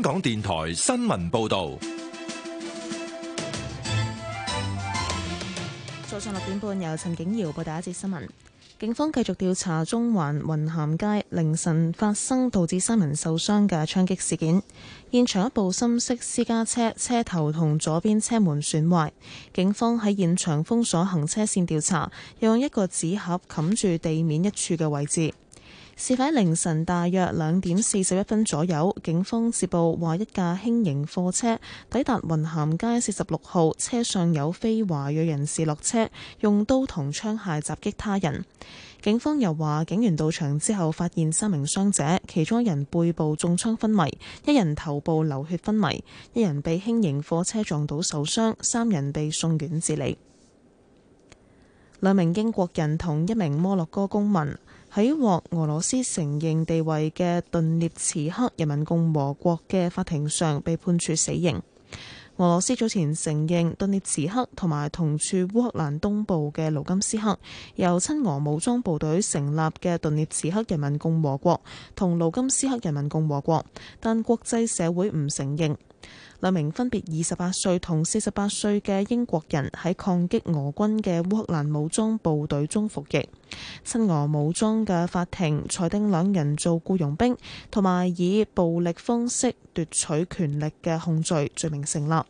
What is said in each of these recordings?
香港電台新聞報道。早上六點半，由陳景瑤報道一節新聞。警方繼續調查中環雲咸街凌晨發生導致三人受傷嘅槍擊事件。現場一部深色私家車車頭同左邊車門損壞，警方喺現場封鎖行車線調查，又用一個紙盒冚住地面一處嘅位置。事發凌晨大約兩點四十一分左右，警方接報話一架輕型貨車抵達雲咸街四十六號，車上有非華裔人士落車，用刀同槍械襲擊他人。警方又話警員到場之後發現三名傷者，其中一人背部中槍昏迷，一人頭部流血昏迷，一人被輕型貨車撞到受傷，三人被送院治理。兩名英國人同一名摩洛哥公民。喺獲俄羅斯承認地位嘅頓涅茨克人民共和國嘅法庭上被判處死刑。俄羅斯早前承認頓涅茨克同埋同處烏克蘭東部嘅盧甘斯克由親俄武裝部隊成立嘅頓涅茨克人民共和國同盧甘斯克人民共和國，和和國，但國際社會唔承認。兩名分別二十八歲同四十八歲嘅英國人喺抗擊俄軍嘅烏克蘭武裝部隊中服役，親俄武裝嘅法庭裁定兩人做僱傭兵同埋以，以暴力方式奪取權力嘅控罪罪名成立。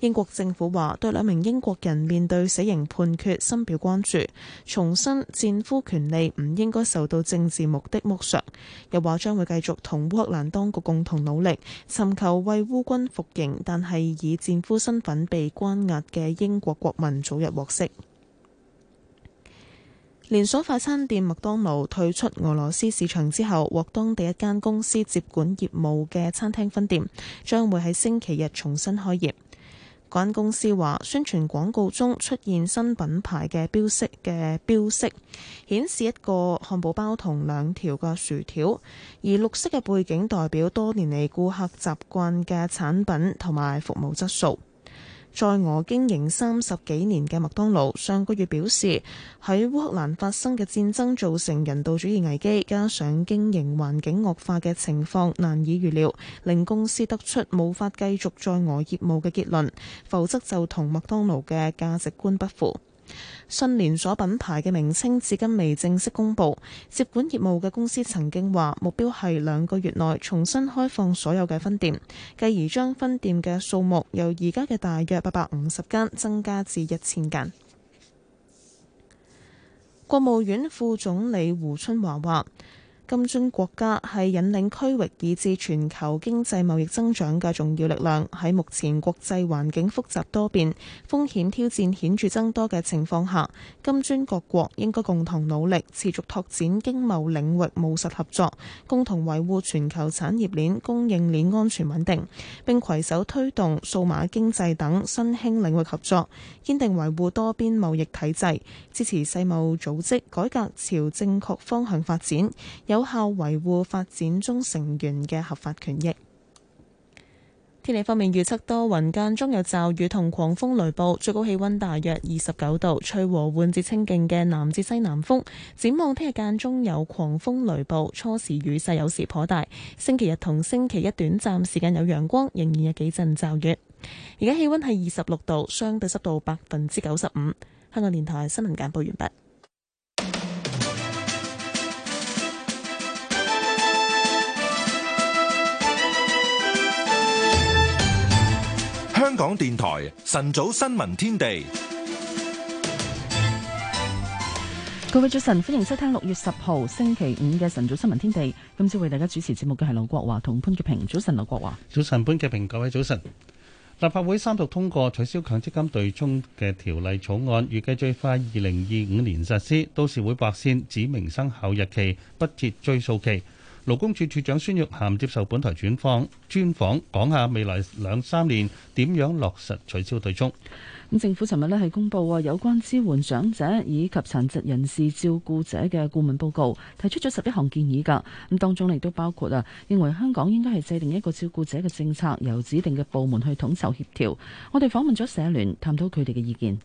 英國政府話對兩名英國人面對死刑判決深表關注，重申戰俘權利唔應該受到政治目的剝削，又話將會繼續同烏克蘭當局共同努力，尋求為烏軍服刑但係以戰俘身份被關押嘅英國國民早日獲釋。連鎖快餐店麥當勞退出俄羅斯市場之後，獲當地一間公司接管業務嘅餐廳分店，將會喺星期日重新開業。間公司話，宣傳廣告中出現新品牌嘅標識嘅標識，顯示一個漢堡包同兩條嘅薯條，而綠色嘅背景代表多年嚟顧客習慣嘅產品同埋服務質素。在俄經營三十幾年嘅麥當勞上個月表示，喺烏克蘭發生嘅戰爭造成人道主義危機，加上經營環境惡化嘅情況難以預料，令公司得出無法繼續在俄業務嘅結論，否則就同麥當勞嘅價值觀不符。新連鎖品牌嘅名稱至今未正式公布。接管業務嘅公司曾經話目標係兩個月內重新開放所有嘅分店，繼而將分店嘅數目由而家嘅大約八百五十間增加至一千間。國務院副總理胡春華話。金磚國家係引領區域以至全球經濟貿易增長嘅重要力量。喺目前國際環境複雜多變、風險挑戰顯著增多嘅情況下，金磚各國應該共同努力，持續拓展經貿領域務實合作，共同維護全球產業鏈、供應鏈安全穩定，並攜手推動數碼經濟等新興領域合作，堅定維護多邊貿易體制，支持世貿組織改革朝正確方向發展。有有效維護發展中成員嘅合法權益。天氣方面預測多雲間中有驟雨同狂風雷暴，最高氣温大約二十九度，吹和緩至清勁嘅南至西南風。展望聽日間中有狂風雷暴，初時雨勢有時頗大。星期日同星期一短暫時間有陽光，仍然有幾陣驟雨。而家氣温係二十六度，相對濕度百分之九十五。香港電台新聞簡報完畢。香港電台晨早新聞天地，各位早晨，歡迎收聽六月十號星期五嘅晨早新聞天地。今次為大家主持節目嘅係劉國華同潘潔平。早晨，劉國華，早晨，潘潔平。各位早晨。立法會三讀通過取消強積金對沖嘅條例草案，預計最快二零二五年實施，到時會撥先指明生效日期，不設追溯期。勞工處處長孫玉涵接受本台專訪，專訪講下未來兩三年點樣落實取消對沖。政府尋日呢係公布啊有關支援長者以及殘疾人士照顧者嘅顧問報告，提出咗十一項建議噶，咁當中，亦都包括啊，認為香港應該係制定一個照顧者嘅政策，由指定嘅部門去統籌協調。我哋訪問咗社聯，探討佢哋嘅意見。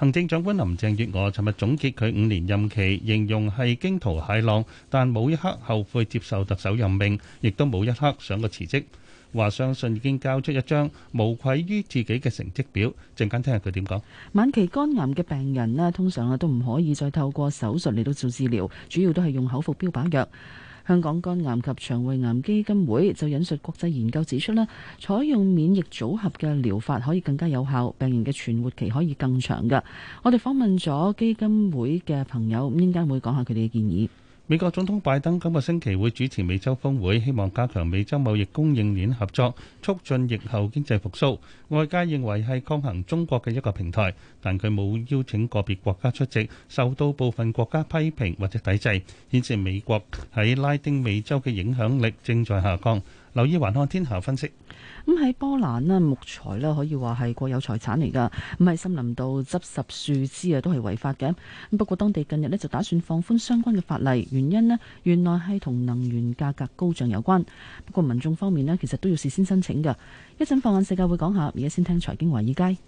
行政長官林鄭月娥尋日總結佢五年任期，形容係驚濤駭浪，但冇一刻後悔接受特首任命，亦都冇一刻想過辭職。話相信已經交出一張無愧於自己嘅成績表。陣間聽下佢點講。晚期肝癌嘅病人呢，通常啊都唔可以再透過手術嚟到做治療，主要都係用口服標靶藥。香港肝癌及腸胃癌基金會就引述國際研究指出咧，採用免疫組合嘅療法可以更加有效，病人嘅存活期可以更長嘅。我哋訪問咗基金會嘅朋友，咁應該會講下佢哋嘅建議。美國總統拜登今個星期會主持美洲峰會，希望加強美洲貿易供應鏈合作，促進疫後經濟復甦。外界認為係抗衡中國嘅一個平台，但佢冇邀請個別國家出席，受到部分國家批評或者抵制，顯示美國喺拉丁美洲嘅影響力正在下降。留意環看天下分析，咁喺波蘭呢，木材呢可以話係國有財產嚟噶，唔係森林度執拾樹枝啊都係違法嘅。咁不過當地近日呢就打算放寬相關嘅法例，原因呢原來係同能源價格高漲有關。不過民眾方面呢其實都要事先申請嘅。一陣放眼世界會講下，而家先聽財經華爾街。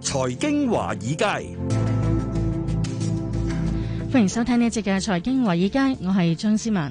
財經華爾街。歡迎收聽呢一節嘅財經華爾街，我係張思文。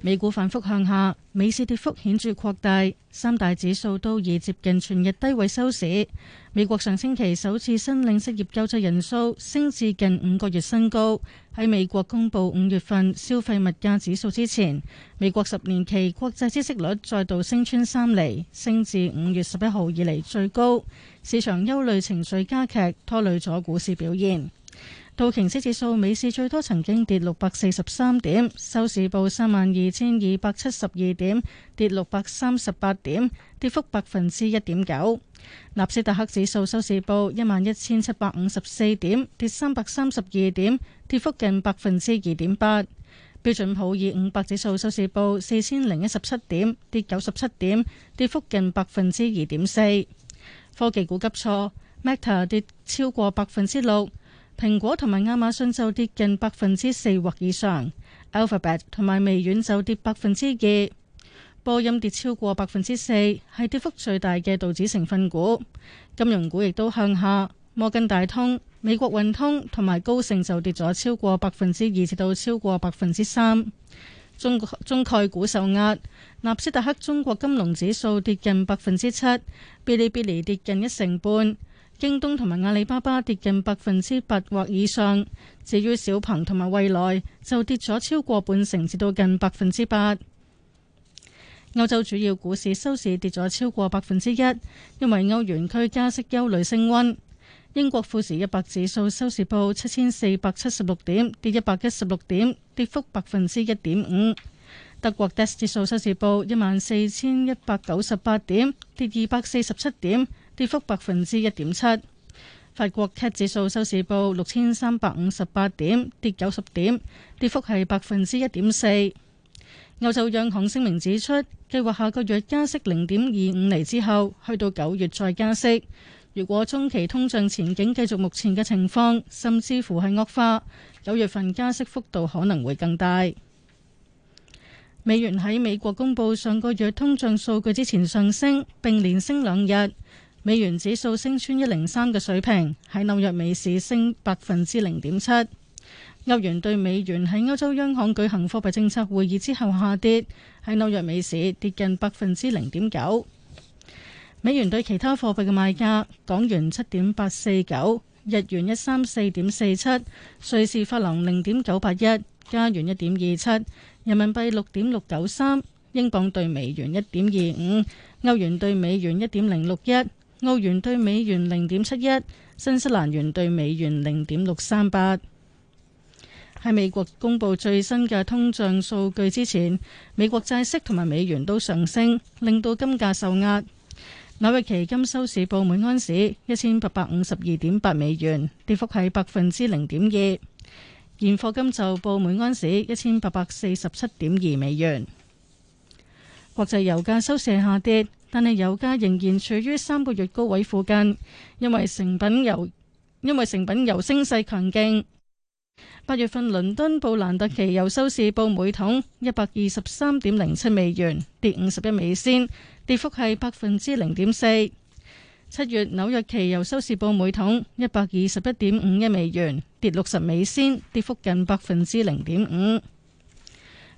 美股反覆向下，美市跌幅顯著擴大，三大指數都已接近全日低位收市。美國上星期首次申領失業救濟人數升至近五個月新高。喺美國公布五月份消費物價指數之前，美國十年期國債息率再度升穿三厘，升至五月十一號以嚟最高。市場憂慮情緒加劇，拖累咗股市表現。道瓊斯指數、美市最多曾經跌六百四十三點，收市報三萬二千二百七十二點，跌六百三十八點，跌幅百分之一點九。納斯達克指數收市報一萬一千七百五十四點，跌三百三十二點，跌幅近百分之二點八。標準普爾五百指數收市報四千零一十七點，跌九十七點，跌幅近百分之二點四。科技股急挫，Meta 跌超過百分之六。蘋果同埋亞馬遜就跌近百分之四或以上，Alphabet 同埋微軟就跌百分之二，波音跌超過百分之四，係跌幅最大嘅道指成分股。金融股亦都向下，摩根大通、美國運通同埋高盛就跌咗超過百分之二至到超過百分之三。中中概股受壓，納斯達克中國金融指數跌近百分之七，嗶哩嗶哩跌近一成半。京東同埋阿里巴巴跌近百分之八或以上，至於小鵬同埋蔚來就跌咗超過半成至，至到近百分之八。歐洲主要股市收市跌咗超過百分之一，因為歐元區加息憂慮升溫。英國富時一百指數收市報七千四百七十六點，跌一百一十六點，跌幅百分之一點五。德國 DAX 指數收市報一萬四千一百九十八點，跌二百四十七點。跌幅百分之一點七。法國 CAC 指數收市報六千三百五十八點，跌九十點，跌幅係百分之一點四。歐洲央行聲明指出，計劃下個月加息零點二五厘之後，去到九月再加息。如果中期通脹前景繼續目前嘅情況，甚至乎係惡化，九月份加息幅度可能會更大。美元喺美國公佈上個月通脹數據之前上升，并連升兩日。美元指數升穿一零三嘅水平，喺紐約美市升百分之零點七。歐元對美元喺歐洲央行舉行貨幣政策會議之後下跌，喺紐約美市跌近百分之零點九。美元對其他貨幣嘅賣價：港元七點八四九，日元一三四點四七，瑞士法郎零點九八一，加元一點二七，人民幣六點六九三，英鎊兌美元一點二五，歐元兌美元一點零六一。澳元兌美元零點七一，新西蘭元兌美元零點六三八。喺美國公布最新嘅通脹數據之前，美國債息同埋美元都上升，令到金價受壓。紐約期金收市報每安士一千八百五十二點八美元，跌幅係百分之零點二。現貨金就報每安士一千八百四十七點二美元。國際油價收市下跌。但係油價仍然處於三個月高位附近，因為成品油因為成品油升勢強勁。八月份倫敦布蘭特期油收市報每桶一百二十三點零七美元，跌五十一美仙，跌幅係百分之零點四。七月紐約期油收市報每桶一百二十一點五一美元，跌六十美仙，跌幅近百分之零點五。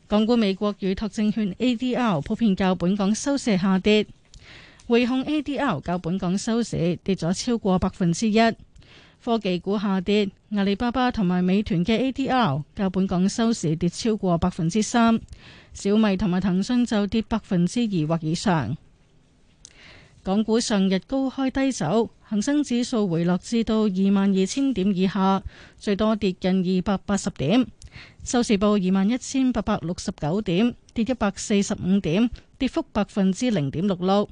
港股美國預託證券 ADR 普遍較本港收市下跌。匯控 ADR 較本港收市跌咗超過百分之一，科技股下跌，阿里巴巴同埋美團嘅 ADR 較本港收市跌超過百分之三，小米同埋騰訊就跌百分之二或以上。港股上日高開低走，恒生指數回落至到二萬二千點以下，最多跌近二百八十點，收市報二萬一千八百六十九點，跌一百四十五點，跌幅百分之零點六六。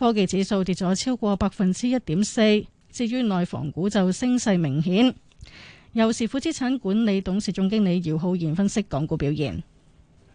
科技指數跌咗超過百分之一點四，至於內房股就升勢明顯。由時富資產管理董事總經理姚浩然分析港股表現。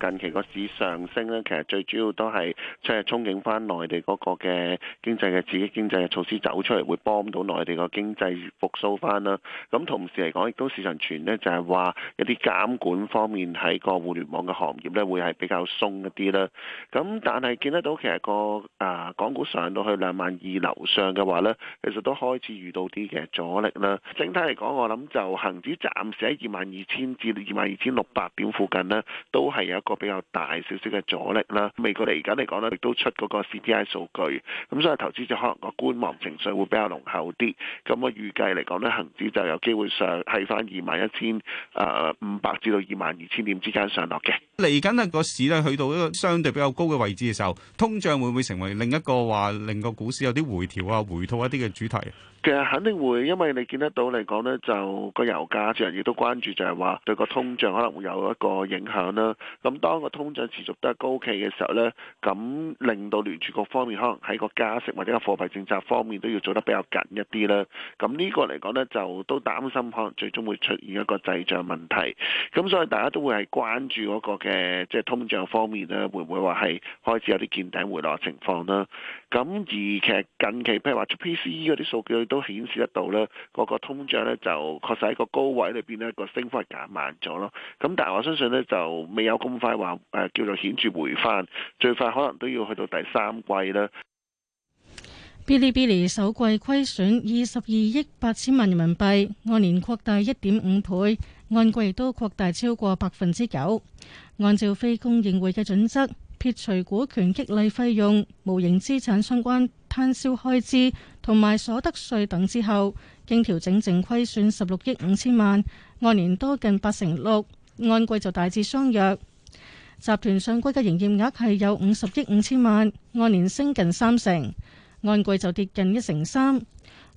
近期個市上升咧，其實最主要都係即係憧憬翻內地嗰個嘅經濟嘅刺激經濟嘅措施走出嚟，會幫到內地個經濟復甦翻啦。咁同時嚟講，亦都市場傳咧就係話一啲監管方面喺個互聯網嘅行業咧，會係比較鬆一啲啦。咁但係見得到其實個啊港股上到去兩萬二樓上嘅話咧，其實都開始遇到啲嘅阻力啦。整體嚟講，我諗就恆指暫時喺二萬二千至二萬二千六百點附近咧，都係有一個。比較大少少嘅阻力啦，美國嚟而家嚟講咧，亦都出嗰個 CPI 數據，咁所以投資者可能個觀望情緒會比較濃厚啲，咁我預計嚟講咧，恒指就有機會上係翻二萬一千誒五百至到二萬二千點之間上落嘅。嚟緊咧個市咧去到一個相對比較高嘅位置嘅時候，通脹會唔會成為另一個話令個股市有啲回調啊、回吐一啲嘅主題？其實肯定會，因為你見得到嚟講呢，就個油價，最近亦都關注就係話對個通脹可能會有一個影響啦。咁當那個通脹持續得高企嘅時候呢，咁令到聯儲局方面可能喺個加息或者個貨幣政策方面都要做得比較緊一啲啦。咁呢個嚟講呢，就都擔心可能最終會出現一個滯脹問題。咁所以大家都會係關注嗰、那個。嘅即係通脹方面咧，會唔會話係開始有啲見頂回落情況啦？咁而其實近期譬如話出 PCE 嗰啲數據都顯示得到咧，個個通脹咧就確實喺個高位裏邊咧，個升幅係減慢咗咯。咁但係我相信咧就未有咁快話誒叫做顯著回翻，最快可能都要去到第三季啦。嗶哩嗶哩首季虧損二十二億八千萬人民幣，按年擴大一點五倍，按季亦都擴大超過百分之九。按照非公認會嘅準則，撇除股權激勵費用、無形資產相關攤銷開支同埋所得稅等之後，經調整淨虧損十六億五千萬，按年多近八成六，按季就大致相約。集團上季嘅營業額係有五十億五千萬，按年升近三成。按季就跌近一成三，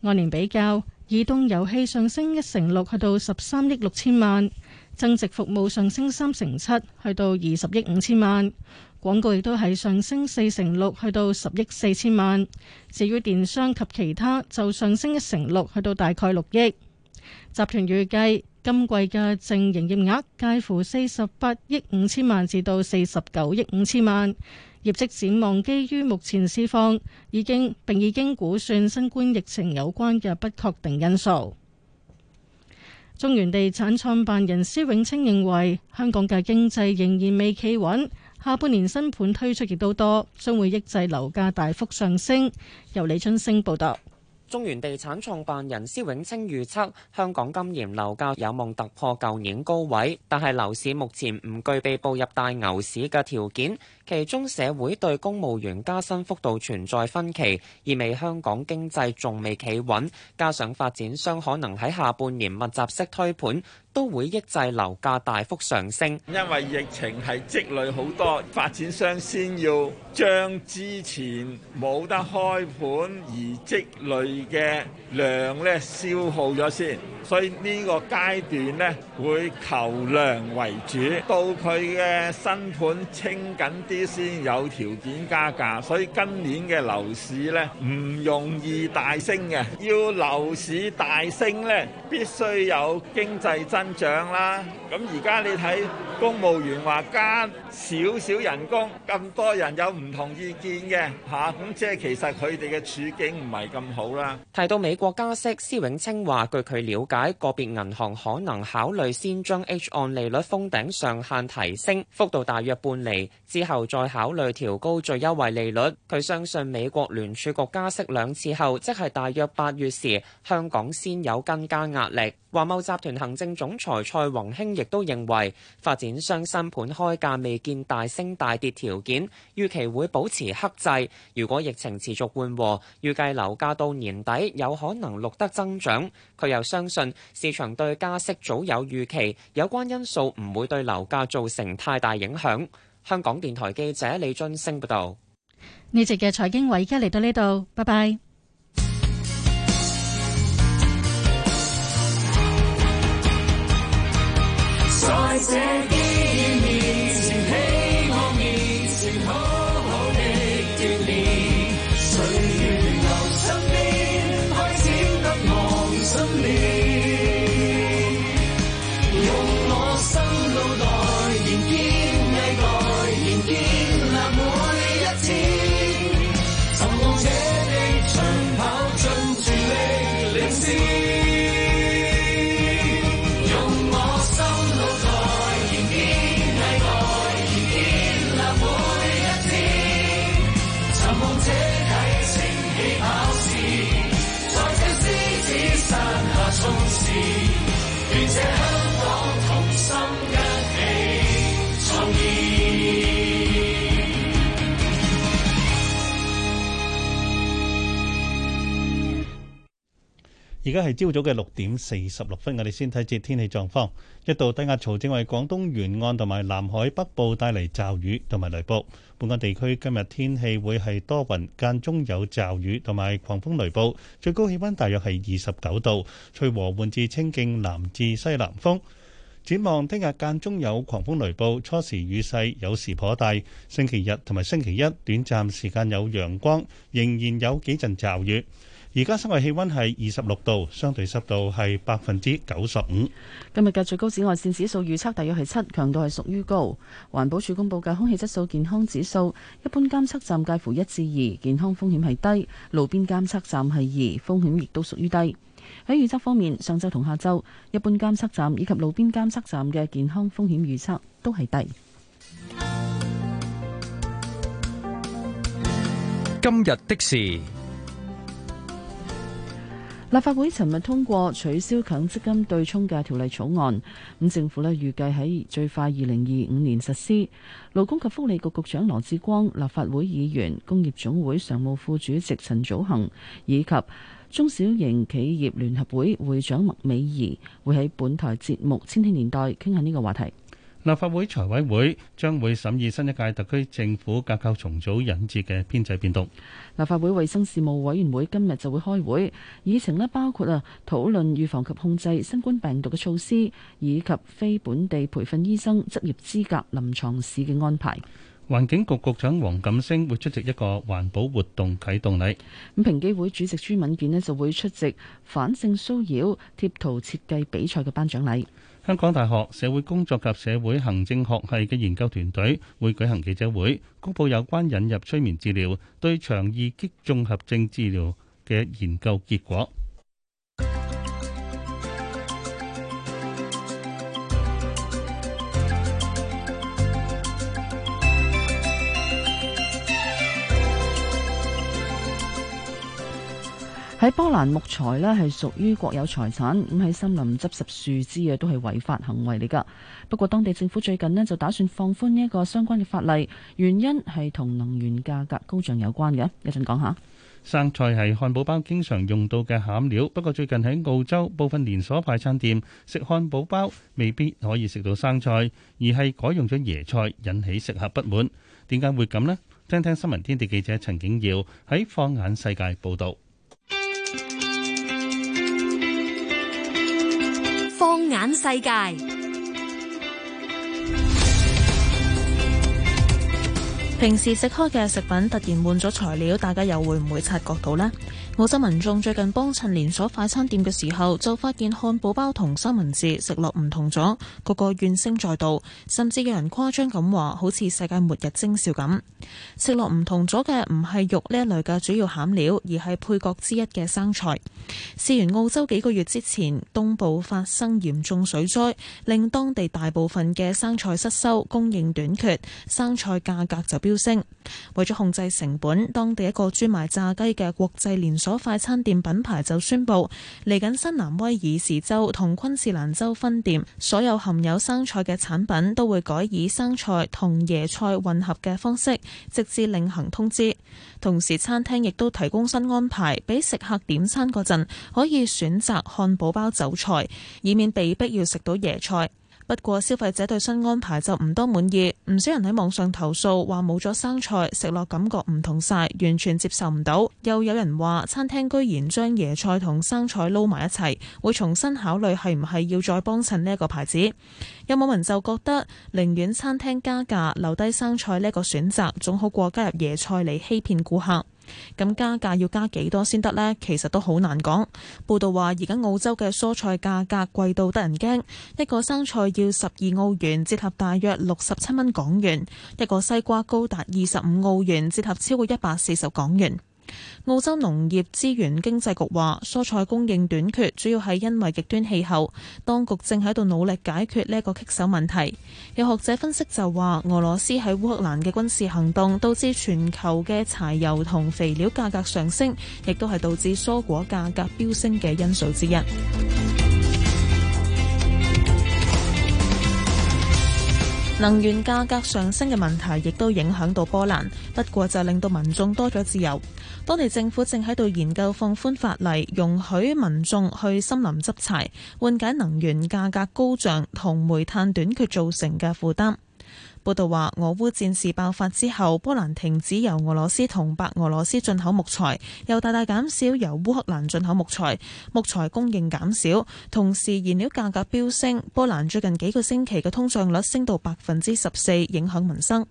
按年比較，移動遊戲上升一成六，去到十三億六千萬；增值服務上升三成七，去到二十億五千萬；廣告亦都係上升四成六，去到十億四千萬。至於電商及其他就上升一成六，去到大概六億。集團預計今季嘅淨營業額介乎四十八億五千萬至到四十九億五千萬。業績展望基於目前情況，已經並已經估算新冠疫情有關嘅不確定因素。中原地產創辦人施永青認為，香港嘅經濟仍然未企穩，下半年新盤推出亦都多，將會抑制樓價大幅上升。由李春星報導。中原地產創辦人施永青預測，香港今年樓價有望突破舊年高位，但係樓市目前唔具備步入大牛市嘅條件。其中社會對公務員加薪幅度存在分歧，意味香港經濟仲未企穩，加上發展商可能喺下半年密集式推盤。都會抑制樓價大幅上升，因為疫情係積累好多，發展商先要將之前冇得開盤而積累嘅量咧消耗咗先，所以呢個階段咧會求量為主，到佢嘅新盤清緊啲先有條件加價，所以今年嘅樓市咧唔容易大升嘅，要樓市大升咧必須有經濟增。漲啦！咁而家你睇公務員話加少少人工，咁多人有唔同意見嘅吓，咁、啊嗯、即係其實佢哋嘅處境唔係咁好啦。提到美國加息，施永青話據佢了解，個別銀行可能考慮先將 H 按利率封頂上限提升，幅度大約半厘，之後再考慮調高最優惠利率。佢相信美國聯儲局加息兩次後，即係大約八月時，香港先有更加壓力。華懋集團行政總裁蔡宏興亦都認為，發展商新盤開價未。見大升大跌條件，預期會保持克制。如果疫情持續緩和，預計樓價到年底有可能錄得增長。佢又相信市場對加息早有預期，有關因素唔會對樓價造成太大影響。香港電台記者李津升報道。呢集嘅財經匯，而家嚟到呢度，拜拜。在這。而家係朝早嘅六點四十六分，我哋先睇一節天氣狀況。一道低壓槽正為廣東沿岸同埋南海北部帶嚟驟雨同埋雷暴。本港地區今日天氣會係多雲，間中有驟雨同埋狂風雷暴，最高氣溫大約係二十九度，吹和緩至清勁南至西南風。展望聽日間中有狂風雷暴，初時雨勢有時頗大。星期日同埋星期一短暫時間有陽光，仍然有幾陣驟雨。而家室外氣溫係二十六度，相對濕度係百分之九十五。今日嘅最高紫外線指數預測大約係七，強度係屬於高。環保署公布嘅空氣質素健康指數，一般監測站介乎一至二，健康風險係低；路邊監測站係二，風險亦都屬於低。喺預測方面，上週同下週，一般監測站以及路邊監測站嘅健康風險預測都係低。今日的事。立法會尋日通過取消強積金對沖嘅條例草案，咁政府呢預計喺最快二零二五年實施。勞工及福利局局長羅志光、立法會議員、工業總會常務副主席陳祖恆，以及中小型企業聯合會會長麥美儀會喺本台節目《千禧年代》傾下呢個話題。立法會財委會將會審議新一屆特區政府架構重組引致嘅編制變動。立法會衛生事務委員會今日就會開會，議程咧包括啊討論預防及控制新冠病毒嘅措施，以及非本地培訓醫生執業資格臨床試嘅安排。環境局局長黃錦星會出席一個環保活動啟動禮。咁平機會主席朱敏健咧就會出席反性騷擾貼圖設計比賽嘅頒獎禮。香港大學社會工作及社會行政學系嘅研究團隊會舉行記者會，公佈有關引入催眠治療對腸易激綜合症治療嘅研究結果。喺波蘭，木材呢係屬於國有財產，咁喺森林執拾樹枝啊，都係違法行為嚟噶。不過，當地政府最近呢就打算放寬呢一個相關嘅法例，原因係同能源價格高漲有關嘅。一陣講下生菜係漢堡包經常用到嘅餡料，不過最近喺澳洲部分連鎖快餐店食漢堡包未必可以食到生菜，而係改用咗椰菜，引起食客不滿。點解會咁呢？聽聽新聞天地記者陳景耀喺放眼世界報導。放眼世界，平時食開嘅食品突然換咗材料，大家又會唔會察覺到呢？澳洲民眾最近幫襯連鎖快餐店嘅時候，就發現漢堡包同三文治食落唔同咗，個個怨聲載道，甚至有人誇張咁話好似世界末日徵兆咁。食落唔同咗嘅唔係肉呢一類嘅主要餡料，而係配角之一嘅生菜。事緣澳洲幾個月之前，東部發生嚴重水災，令當地大部分嘅生菜失收，供應短缺，生菜價格就飆升。為咗控制成本，當地一個專賣炸雞嘅國際連鎖。有快餐店品牌就宣布，嚟緊新南威爾士州同昆士蘭州分店，所有含有生菜嘅產品都會改以生菜同椰菜混合嘅方式，直至另行通知。同時，餐廳亦都提供新安排，俾食客點餐嗰陣可以選擇漢堡包走菜，以免被逼要食到椰菜。不過消費者對新安排就唔多滿意，唔少人喺網上投訴話冇咗生菜，食落感覺唔同晒，完全接受唔到。又有人話餐廳居然將椰菜同生菜撈埋一齊，會重新考慮係唔係要再幫襯呢個牌子。有網民就覺得寧願餐廳加價留低生菜呢個選擇，總好過加入椰菜嚟欺騙顧客。咁加價要加幾多先得呢？其實都好難講。報道話，而家澳洲嘅蔬菜價格貴到得人驚，一個生菜要十二澳元，折合大約六十七蚊港元；一個西瓜高達二十五澳元，折合超過一百四十港元。澳洲農業資源經濟局話，蔬菜供應短缺主要係因為極端氣候，當局正喺度努力解決呢個棘手問題。有學者分析就話，俄羅斯喺烏克蘭嘅軍事行動導致全球嘅柴油同肥料價格上升，亦都係導致蔬果價格飆升嘅因素之一。能源價格上升嘅問題，亦都影響到波蘭，不過就令到民眾多咗自由。當地政府正喺度研究放寬法例，容許民眾去森林執柴，緩解能源價格高漲同煤炭短缺造成嘅負擔。報道話，俄烏戰事爆發之後，波蘭停止由俄羅斯同白俄羅斯進口木材，又大大減少由烏克蘭進口木材，木材供應減少，同時燃料價格飆升，波蘭最近幾個星期嘅通脹率升到百分之十四，影響民生。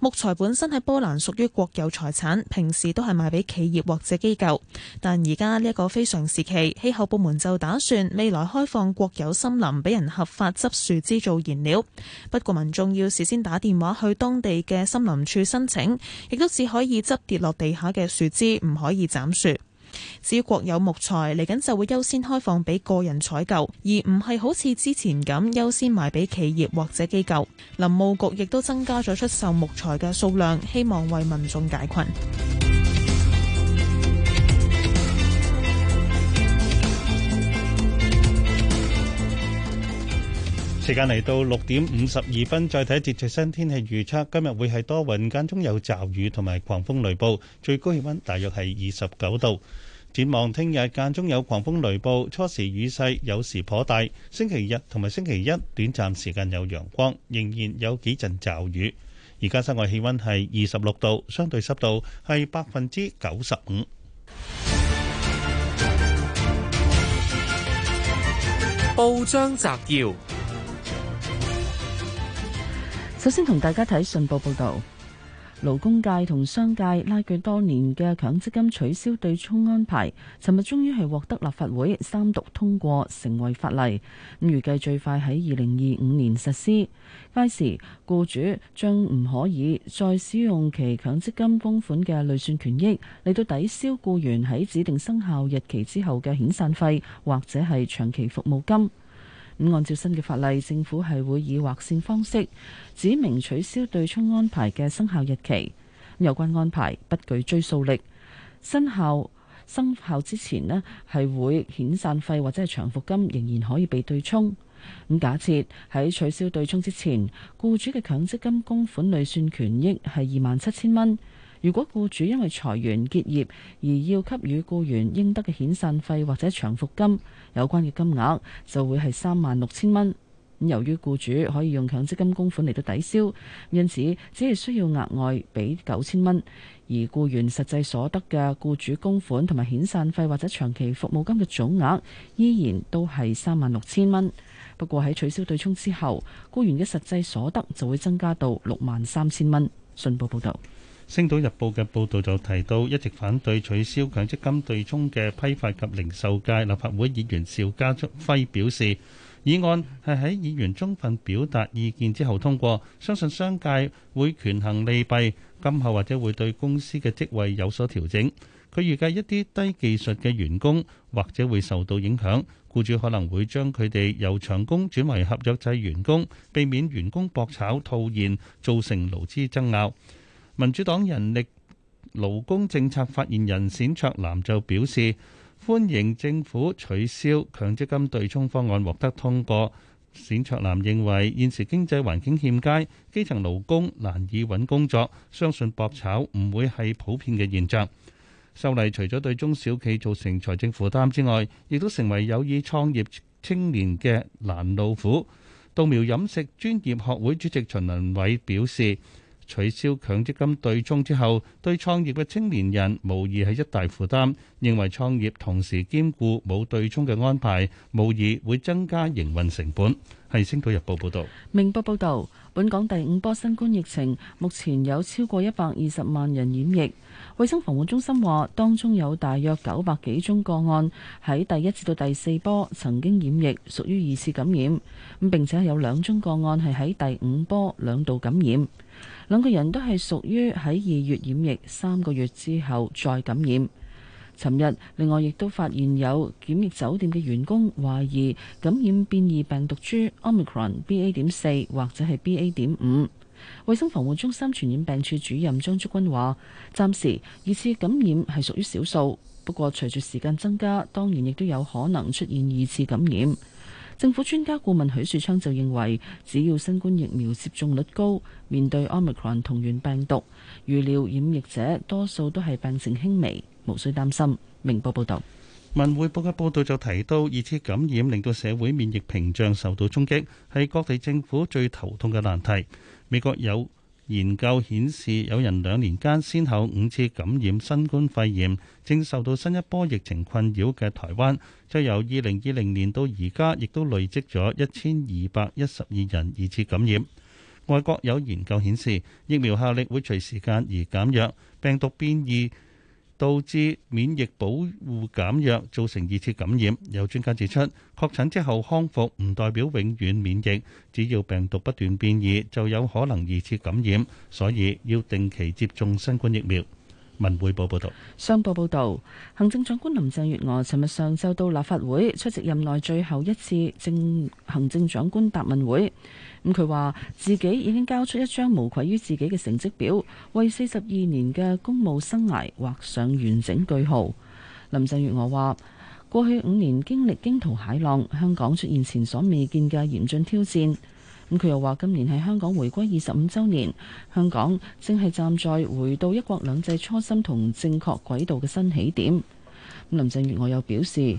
木材本身喺波蘭屬於國有財產，平時都係賣俾企業或者機構，但而家呢一個非常時期，氣候部門就打算未來開放國有森林俾人合法執樹枝做燃料。不過民眾要事先打電話去當地嘅森林處申請，亦都只可以執跌落地下嘅樹枝，唔可以斬樹。只要至於國有木材嚟緊就會優先開放俾個人採購，而唔係好似之前咁優先賣俾企業或者機構。林務局亦都增加咗出售木材嘅數量，希望為民眾解困。時間嚟到六點五十二分，再睇一節最新天氣預測。今日會係多雲間中有驟雨同埋狂風雷暴，最高氣溫大約係二十九度。展望聽日間中有狂風雷暴，初時雨勢有時頗大。星期日同埋星期一短暫時間有陽光，仍然有幾陣驟雨。而家室外氣温係二十六度，相對濕度係百分之九十五。報章摘要，首先同大家睇信報報道。勞工界同商界拉鋸多年嘅強積金取消對沖安排，尋日終於係獲得立法會三讀通過，成為法例。咁預計最快喺二零二五年實施。屆時僱主將唔可以再使用其強積金供款嘅累算權益嚟到抵消僱員喺指定生效日期之後嘅遣散費或者係長期服務金。咁按照新嘅法例，政府係會以劃線方式指明取消對沖安排嘅生效日期。有關安排不具追溯力，生效生效之前呢，係會遣散費或者係長服金仍然可以被對沖。咁假設喺取消對沖之前，僱主嘅強積金供款累算權益係二萬七千蚊。如果雇主因為裁員結業而要給予雇員應得嘅遣散費或者長服金，有關嘅金額就會係三萬六千蚊。由於雇主可以用強積金供款嚟到抵消，因此只係需要額外俾九千蚊，而雇員實際所得嘅雇主供款同埋遣散費或者長期服務金嘅總額依然都係三萬六千蚊。不過喺取消對沖之後，雇員嘅實際所得就會增加到六萬三千蚊。信報報導。《星島日報》嘅報導就提到，一直反對取消強積金對沖嘅批發及零售界立法會議員邵家輝表示，議案係喺議員充分表達意見之後通過，相信商界會權衡利弊，今後或者會對公司嘅職位有所調整。佢預計一啲低技術嘅員工或者會受到影響，僱主可能會將佢哋由長工轉為合約制員工，避免員工博炒套現，造成勞資爭拗。民主黨人力勞工政策發言人冼卓南就表示，歡迎政府取消強積金對沖方案獲得通過。冼卓南認為現時經濟環境欠佳，基層勞工難以揾工作，相信博炒唔會係普遍嘅現象。修例除咗對中小企造成財政負擔之外，亦都成為有意創業青年嘅攔路虎。稻苗飲食專業學會主席秦能偉表示。取消強積金對沖之後，對創業嘅青年人無疑係一大負擔。認為創業同時兼顧冇對沖嘅安排，無疑會增加營運成本。係《星島日報》報道。《明報》報道，本港第五波新冠疫情目前有超過一百二十萬人染疫。衞生防護中心話，當中有大約九百幾宗個案喺第一至到第四波曾經染疫，屬於二次感染咁。並且有兩宗個案係喺第五波兩度感染。兩個人都係屬於喺二月染疫三個月之後再感染。尋日，另外亦都發現有檢疫酒店嘅員工懷疑感染變異病毒株 omicron BA 點四或者係 BA 點五。衛生防護中心傳染病處主任張竹君話，暫時二次感染係屬於少數，不過隨住時間增加，當然亦都有可能出現二次感染。政府專家顧問許樹昌就認為，只要新冠疫苗接種率高，面對 Omicron 同源病毒，預料染疫者多數都係病情輕微，無需擔心。明報報導，文匯報嘅報導就提到，二次感染令到社會免疫屏障受到衝擊，係各地政府最頭痛嘅難題。美國有研究顯示，有人兩年間先後五次感染新冠肺炎，正受到新一波疫情困擾嘅台灣，則由二零二零年到而家，亦都累積咗一千二百一十二人二次感染。外國有研究顯示，疫苗效力會隨時間而減弱，病毒變異。導致免疫保護減弱，造成二次感染。有專家指出，確診之後康復唔代表永遠免疫，只要病毒不斷變異，就有可能二次感染，所以要定期接種新冠疫苗。文匯報報道，商報報道，行政長官林鄭月娥尋日上晝到立法會出席任內最後一次政行政長官答問會。咁佢話自己已經交出一張無愧於自己嘅成績表，為四十二年嘅公務生涯畫上完整句號。林鄭月娥話：過去五年經歷驚濤駭浪，香港出現前所未見嘅嚴峻挑戰。咁佢又話：今年係香港回歸二十五週年，香港正係站在回到一國兩制初心同正確軌道嘅新起點。林鄭月娥又表示，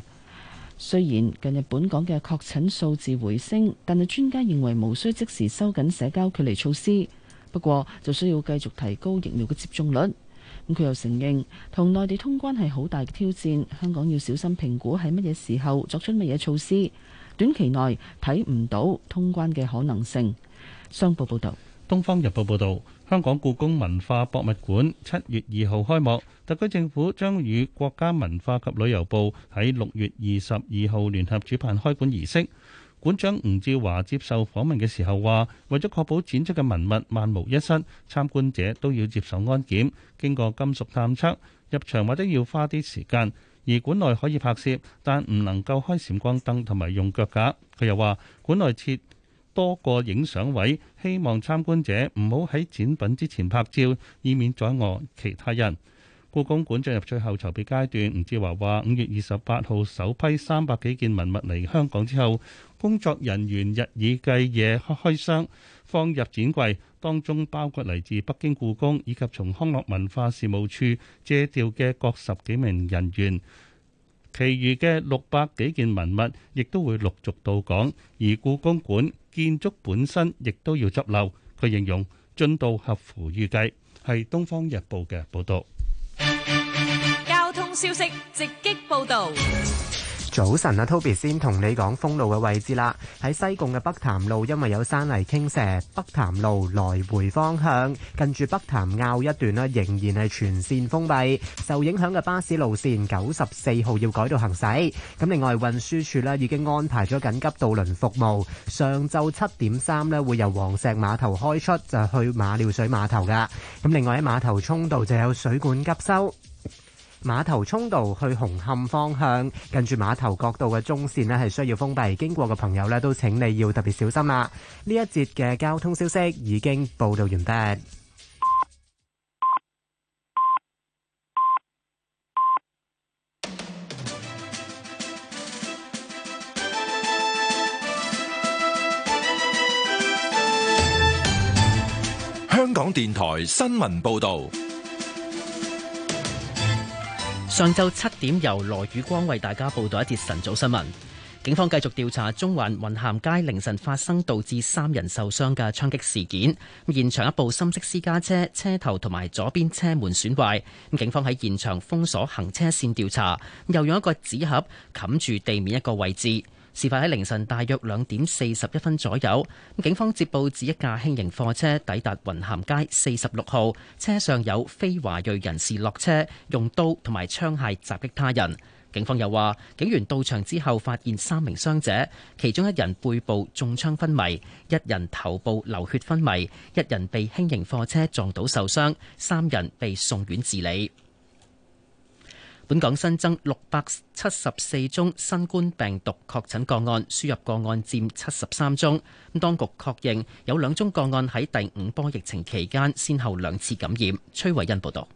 雖然近日本港嘅確診數字回升，但係專家認為無需即時收緊社交距離措施。不過就需要繼續提高疫苗嘅接種率。咁佢又承認，同內地通關係好大嘅挑戰，香港要小心評估喺乜嘢時候作出乜嘢措施。短期內睇唔到通關嘅可能性。商報報導，東方日報報導。香港故宮文化博物館七月二號開幕，特區政府將與國家文化及旅遊部喺六月二十二號聯合主辦開館儀式。館長吳志華接受訪問嘅時候話，為咗確保展出嘅文物萬無一失，參觀者都要接受安檢，經過金屬探測，入場或者要花啲時間。而館內可以拍攝，但唔能夠開閃光燈同埋用腳架。佢又話，館內設多個影相位，希望參觀者唔好喺展品之前拍照，以免阻礙其他人。故宮館進入最後籌備階段。吳志華話：五月二十八號首批三百幾件文物嚟香港之後，工作人員日以繼夜開箱放入展櫃，當中包括嚟自北京故宮以及從康樂文化事務處借調嘅各十幾名人員。其餘嘅六百幾件文物亦都會陸續到港，而故宮館建築本身亦都要執漏，佢形容進度合乎預計。係《東方日報》嘅報導。交通消息直擊報導。早晨啊，Toby 先同你講封路嘅位置啦。喺西貢嘅北潭路，因為有山泥傾瀉，北潭路來回方向近住北潭坳一段咧，仍然係全線封閉。受影響嘅巴士路線九十四號要改道行駛。咁另外運輸處咧已經安排咗緊急渡輪服務，上晝七點三咧會由黃石碼頭開出，就去馬料水碼頭噶。咁另外喺碼頭涌道就有水管急修。馬頭涌道去紅磡方向，跟住馬頭角道嘅中線呢係需要封閉，經過嘅朋友呢都請你要特別小心啦。呢一節嘅交通消息已經報道完畢。香港電台新聞報道。上晝七點，由羅宇光為大家報道一節晨早新聞。警方繼續調查中環雲咸街凌晨發生導致三人受傷嘅槍擊事件。咁現場一部深色私家車，車頭同埋左邊車門損壞。警方喺現場封鎖行車線調查，又用一個紙盒冚住地面一個位置。事發喺凌晨大約兩點四十一分左右，警方接報指一架輕型貨車抵達雲咸街四十六號，車上有非華裔人士落車，用刀同埋槍械襲擊他人。警方又話，警員到場之後發現三名傷者，其中一人背部中槍昏迷，一人頭部流血昏迷，一人被輕型貨車撞到受傷，三人被送院治理。本港新增六百七十四宗新冠病毒確診個案，輸入個案佔七十三宗。當局確認有兩宗個案喺第五波疫情期間先後兩次感染。崔慧欣報道。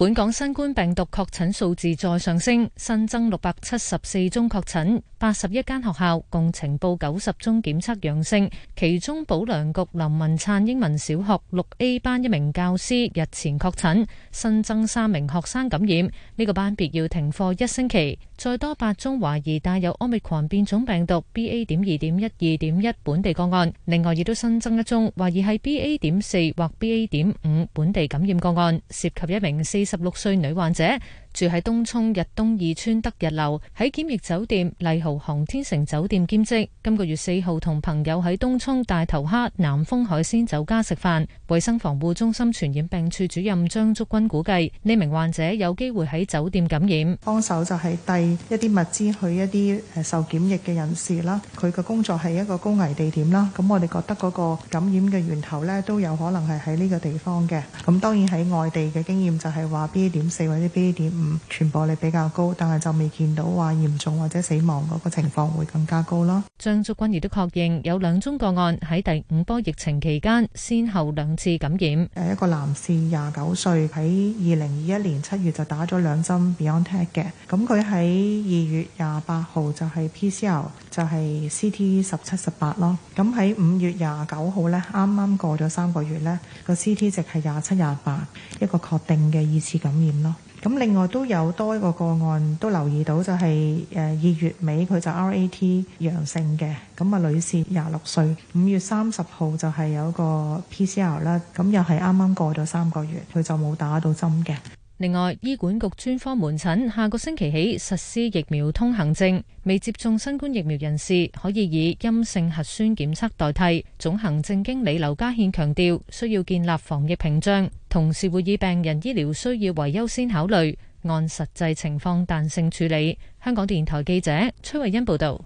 本港新冠病毒確診數字再上升，新增六百七十四宗確診，八十一間學校共呈報九十宗檢測陽性，其中保良局林文燦英文小學六 A 班一名教師日前確診，新增三名學生感染，呢、這個班別要停課一星期。再多八宗懷疑帶有奧密克戎變種病毒 BA. 點二點一二點一本地個案，另外亦都新增一宗懷疑係 BA. 點四或 BA. 點五本地感染個案，涉及一名四十六歲女患者。住喺東涌日東二村德日樓，喺檢疫酒店麗豪航天城酒店兼職。今個月四號同朋友喺東涌大頭蝦南豐海鮮酒家食飯。衛生防護中心傳染病處主任張竹君估計，呢名患者有機會喺酒店感染。幫手就係遞一啲物資去一啲誒受檢疫嘅人士啦。佢嘅工作係一個高危地點啦。咁我哋覺得嗰個感染嘅源頭呢，都有可能係喺呢個地方嘅。咁當然喺外地嘅經驗就係話 B. 點四或者 B. 點。傳播率比較高，但係就未見到話嚴重或者死亡嗰個情況會更加高囉。張竹君亦都確認有兩宗個案喺第五波疫情期間，先後兩次感染。誒一個男士廿九歲，喺二零二一年七月就打咗兩針 BioNTech 嘅。咁佢喺二月廿八號就係 PCR，就係 CT 十七十八咯。咁喺五月廿九號呢，啱啱過咗三個月呢，個 CT 值係廿七廿八，28, 一個確定嘅二次感染咯。咁另外都有多一個個案都留意到，就係誒二月尾佢就 RAT 陽性嘅，咁啊女士廿六歲，五月三十號就係有個 PCR 啦，咁又係啱啱過咗三個月，佢就冇打到針嘅。另外，醫管局專科門診下個星期起實施疫苗通行證，未接種新冠疫苗人士可以以陰性核酸檢測代替。總行政經理劉家憲強調，需要建立防疫屏障。同時會以病人醫療需要為優先考慮，按實際情況彈性處理。香港電台記者崔慧欣報道，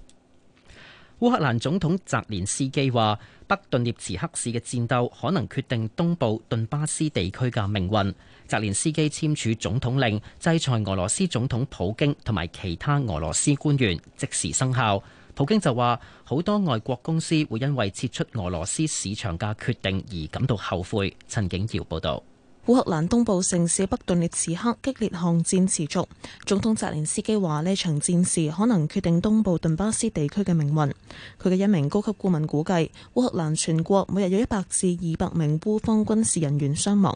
烏克蘭總統澤連斯基話：北頓涅茨克市嘅戰鬥可能決定東部頓巴斯地區嘅命運。澤連斯基簽署總統令，制裁俄羅斯總統普京同埋其他俄羅斯官員，即時生效。普京就話：好多外國公司會因為撤出俄羅斯市場嘅決定而感到後悔。陳景堯報道。烏克蘭東部城市北頓涅茨克激烈巷戰持續，總統澤連斯基話呢場戰事可能決定東部頓巴斯地區嘅命運。佢嘅一名高級顧問估計，烏克蘭全國每日有一百至二百名烏方軍事人員傷亡。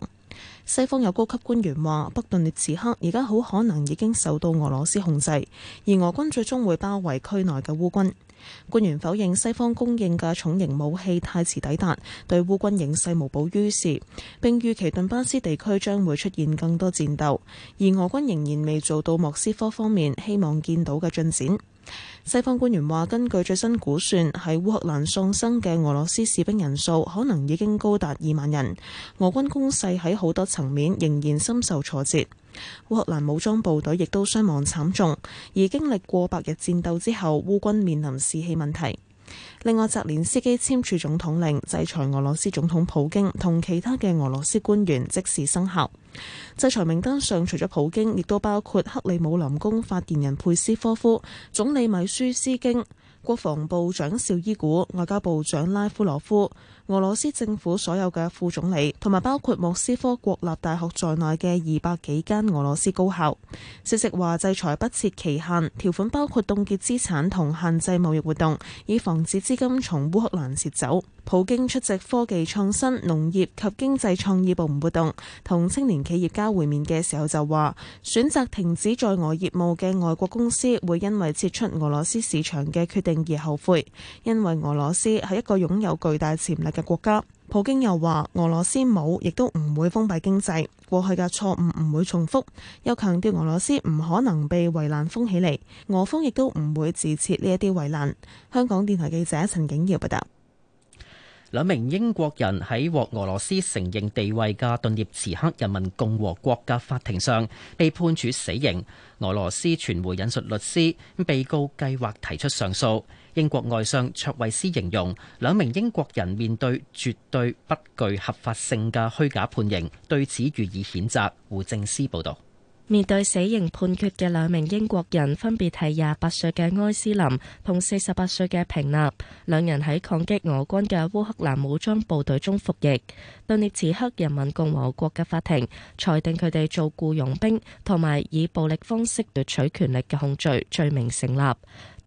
西方有高級官員話，北頓涅茨克而家好可能已經受到俄羅斯控制，而俄軍最終會包圍區內嘅烏軍。官員否認西方供應嘅重型武器太遲抵達，對烏軍形勢無補於事，並預期頓巴斯地區將會出現更多戰鬥，而俄軍仍然未做到莫斯科方面希望見到嘅進展。西方官員話：根據最新估算，喺烏克蘭喪生嘅俄羅斯士兵人數可能已經高達二萬人。俄軍攻勢喺好多層面仍然深受挫折，烏克蘭武裝部隊亦都傷亡慘重。而經歷過百日戰鬥之後，烏軍面臨士氣問題。另外，澤連斯基簽署總統令，制裁俄羅斯總統普京同其他嘅俄羅斯官員，即時生效。制裁名單上除咗普京，亦都包括克里姆林宮發言人佩斯科夫、總理米舒斯京、國防部長紹伊古、外交部長拉夫羅夫。俄羅斯政府所有嘅副總理，同埋包括莫斯科國立大學在內嘅二百幾間俄羅斯高校。消息話，制裁不設期限，條款包括凍結資產同限制貿易活動，以防止資金從烏克蘭撤走。普京出席科技創新、農業及經濟創意部門活動同青年企業家會面嘅時候就話，選擇停止在俄業務嘅外國公司會因為撤出俄羅斯市場嘅決定而後悔，因為俄羅斯係一個擁有巨大潛力嘅國家，普京又話：俄羅斯冇，亦都唔會封閉經濟。過去嘅錯誤唔會重複。又強調俄羅斯唔可能被圍欄封起嚟，俄方亦都唔會自設呢一啲圍欄。香港電台記者陳景耀報道。兩名英國人喺獲俄羅斯承認地位嘅頓涅茨克人民共和國嘅法庭上被判處死刑。俄羅斯傳媒引述律師，被告計劃提出上訴。英國外相卓慧思形容兩名英國人面對絕對不具合法性嘅虛假判刑，對此予以譴責。胡正思報導，面對死刑判決嘅兩名英國人，分別係廿八歲嘅埃斯林同四十八歲嘅平立。兩人喺抗擊俄軍嘅烏克蘭武裝部隊中服役。頓涅茨克人民共和國嘅法庭裁定佢哋做僱傭兵同埋以，以暴力方式奪取權力嘅控罪罪名成立。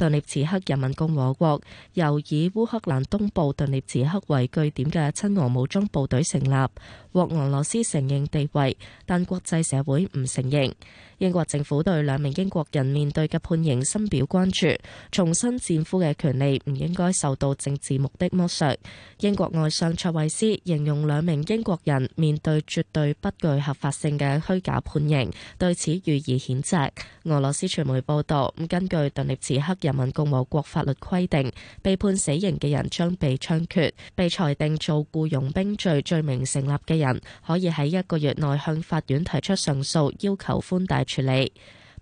頓涅茨克人民共和國由以烏克蘭東部頓涅茨克為據點嘅親俄武裝部隊成立。獲俄羅斯承認地位，但國際社會唔承認。英國政府對兩名英國人面對嘅判刑深表關注，重申戰俘嘅權利唔應該受到政治目的剝削。英國外相卓慧思形容兩名英國人面對絕對不具合法性嘅虛假判刑，對此予以譴責。俄羅斯傳媒報道，咁根據頓涅茨克人民共和國法律規定，被判死刑嘅人將被槍決，被裁定做僱傭兵罪罪名成立嘅人可以喺一個月內向法院提出上訴，要求寬大處理。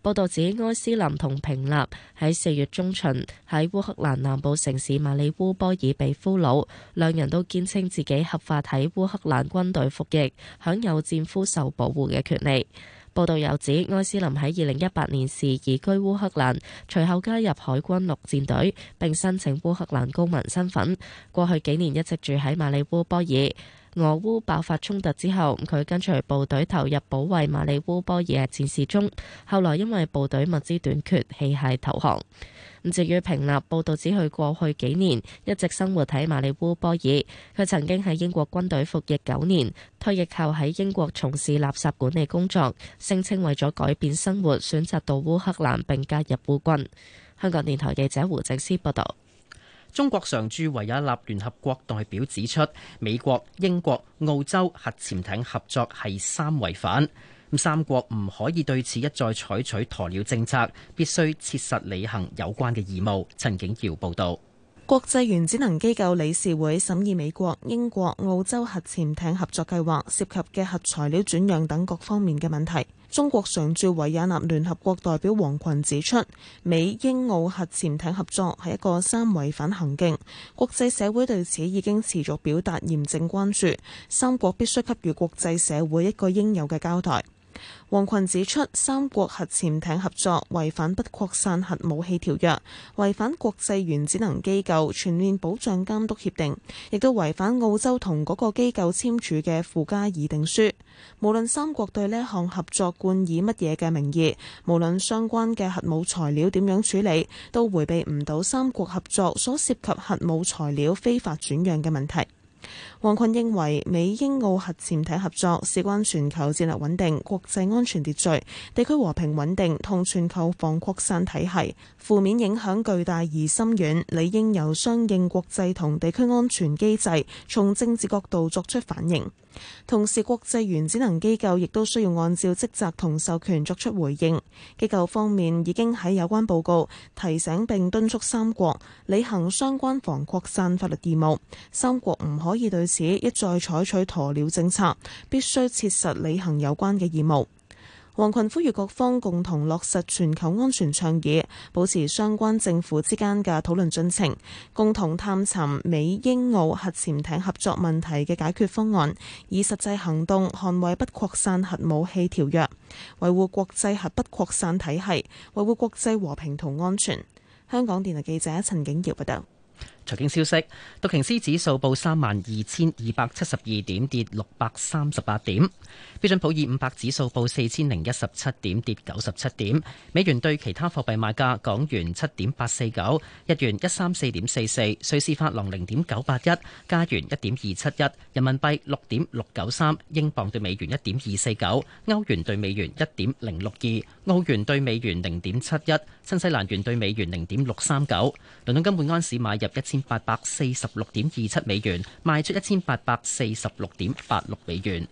報道指，埃斯林同平立喺四月中旬喺烏克蘭南部城市馬里烏波爾被俘虜，兩人都堅稱自己合法喺烏克蘭軍隊服役，享有戰俘受保護嘅權利。報道又指，埃斯林喺二零一八年時移居烏克蘭，隨後加入海軍陸戰隊，並申請烏克蘭公民身份。過去幾年一直住喺馬里烏波爾。俄烏爆發衝突之後，佢跟隨部隊投入保衛馬里烏波爾戰事中，後來因為部隊物資短缺，棄械投降。咁至於平立報道，指佢過去幾年一直生活喺馬里烏波爾，佢曾經喺英國軍隊服役九年，退役後喺英國從事垃圾管理工作，聲稱為咗改變生活，選擇到烏克蘭並加入烏軍。香港電台記者胡正思報道。中國常駐維也納聯合國代表指出，美國、英國、澳洲核潛艇合作係三違反，三國唔可以對此一再採取鴕鳥政策，必須切實履行有關嘅義務。陳景堯報道。國際原子能機構理事會，審議美國、英國、澳洲核潛艇合作計劃涉及嘅核材料轉讓等各方面嘅問題。中國常駐維也納聯合國代表王群指出，美英澳核潛艇合作係一個三違反行徑，國際社會對此已經持續表達嚴正關注，三國必須給予國際社會一個應有嘅交代。王群指出，三國核潛艇合作違反不擴散核武器條約，違反國際原子能機構全面保障監督協定，亦都違反澳洲同嗰個機構簽署嘅附加議定書。無論三國對呢項合作冠以乜嘢嘅名義，無論相關嘅核武材料點樣處理，都迴避唔到三國合作所涉及核武材料非法轉讓嘅問題。王群認為，美英澳核潛艇合作事關全球戰略穩定、國際安全秩序、地區和平穩定同全球防擴散體系，負面影響巨大而深遠，理應由相應國際同地區安全機制從政治角度作出反應，同時國際原子能機構亦都需要按照職責同授權作出回應，機構方面已經喺有關報告提醒並敦促三國履行相關防擴散法律義務，三國唔可以對。此一再採取鴕鳥政策，必須切實履行有關嘅義務。王群呼籲各方共同落實全球安全倡議，保持相關政府之間嘅討論進程，共同探尋美英澳核潛艇合作問題嘅解決方案，以實際行動捍衛不擴散核武器條約，維護國際核不擴散體系，維護國際和平同安全。香港電台記者陳景瑤報道。財經消息：道瓊斯指數報三萬二千二百七十二點，跌六百三十八點；標準普爾五百指數報四千零一十七點，跌九十七點。美元對其他貨幣賣價：港元七點八四九，日元一三四點四四，瑞士法郎零點九八一，加元一點二七一，人民幣六點六九三，英鎊對美元一點二四九，歐元對美元一點零六二。澳元兌美元零點七一，新西蘭元兌美元零點六三九。倫敦金每安士買入一千八百四十六點二七美元，賣出一千八百四十六點八六美元。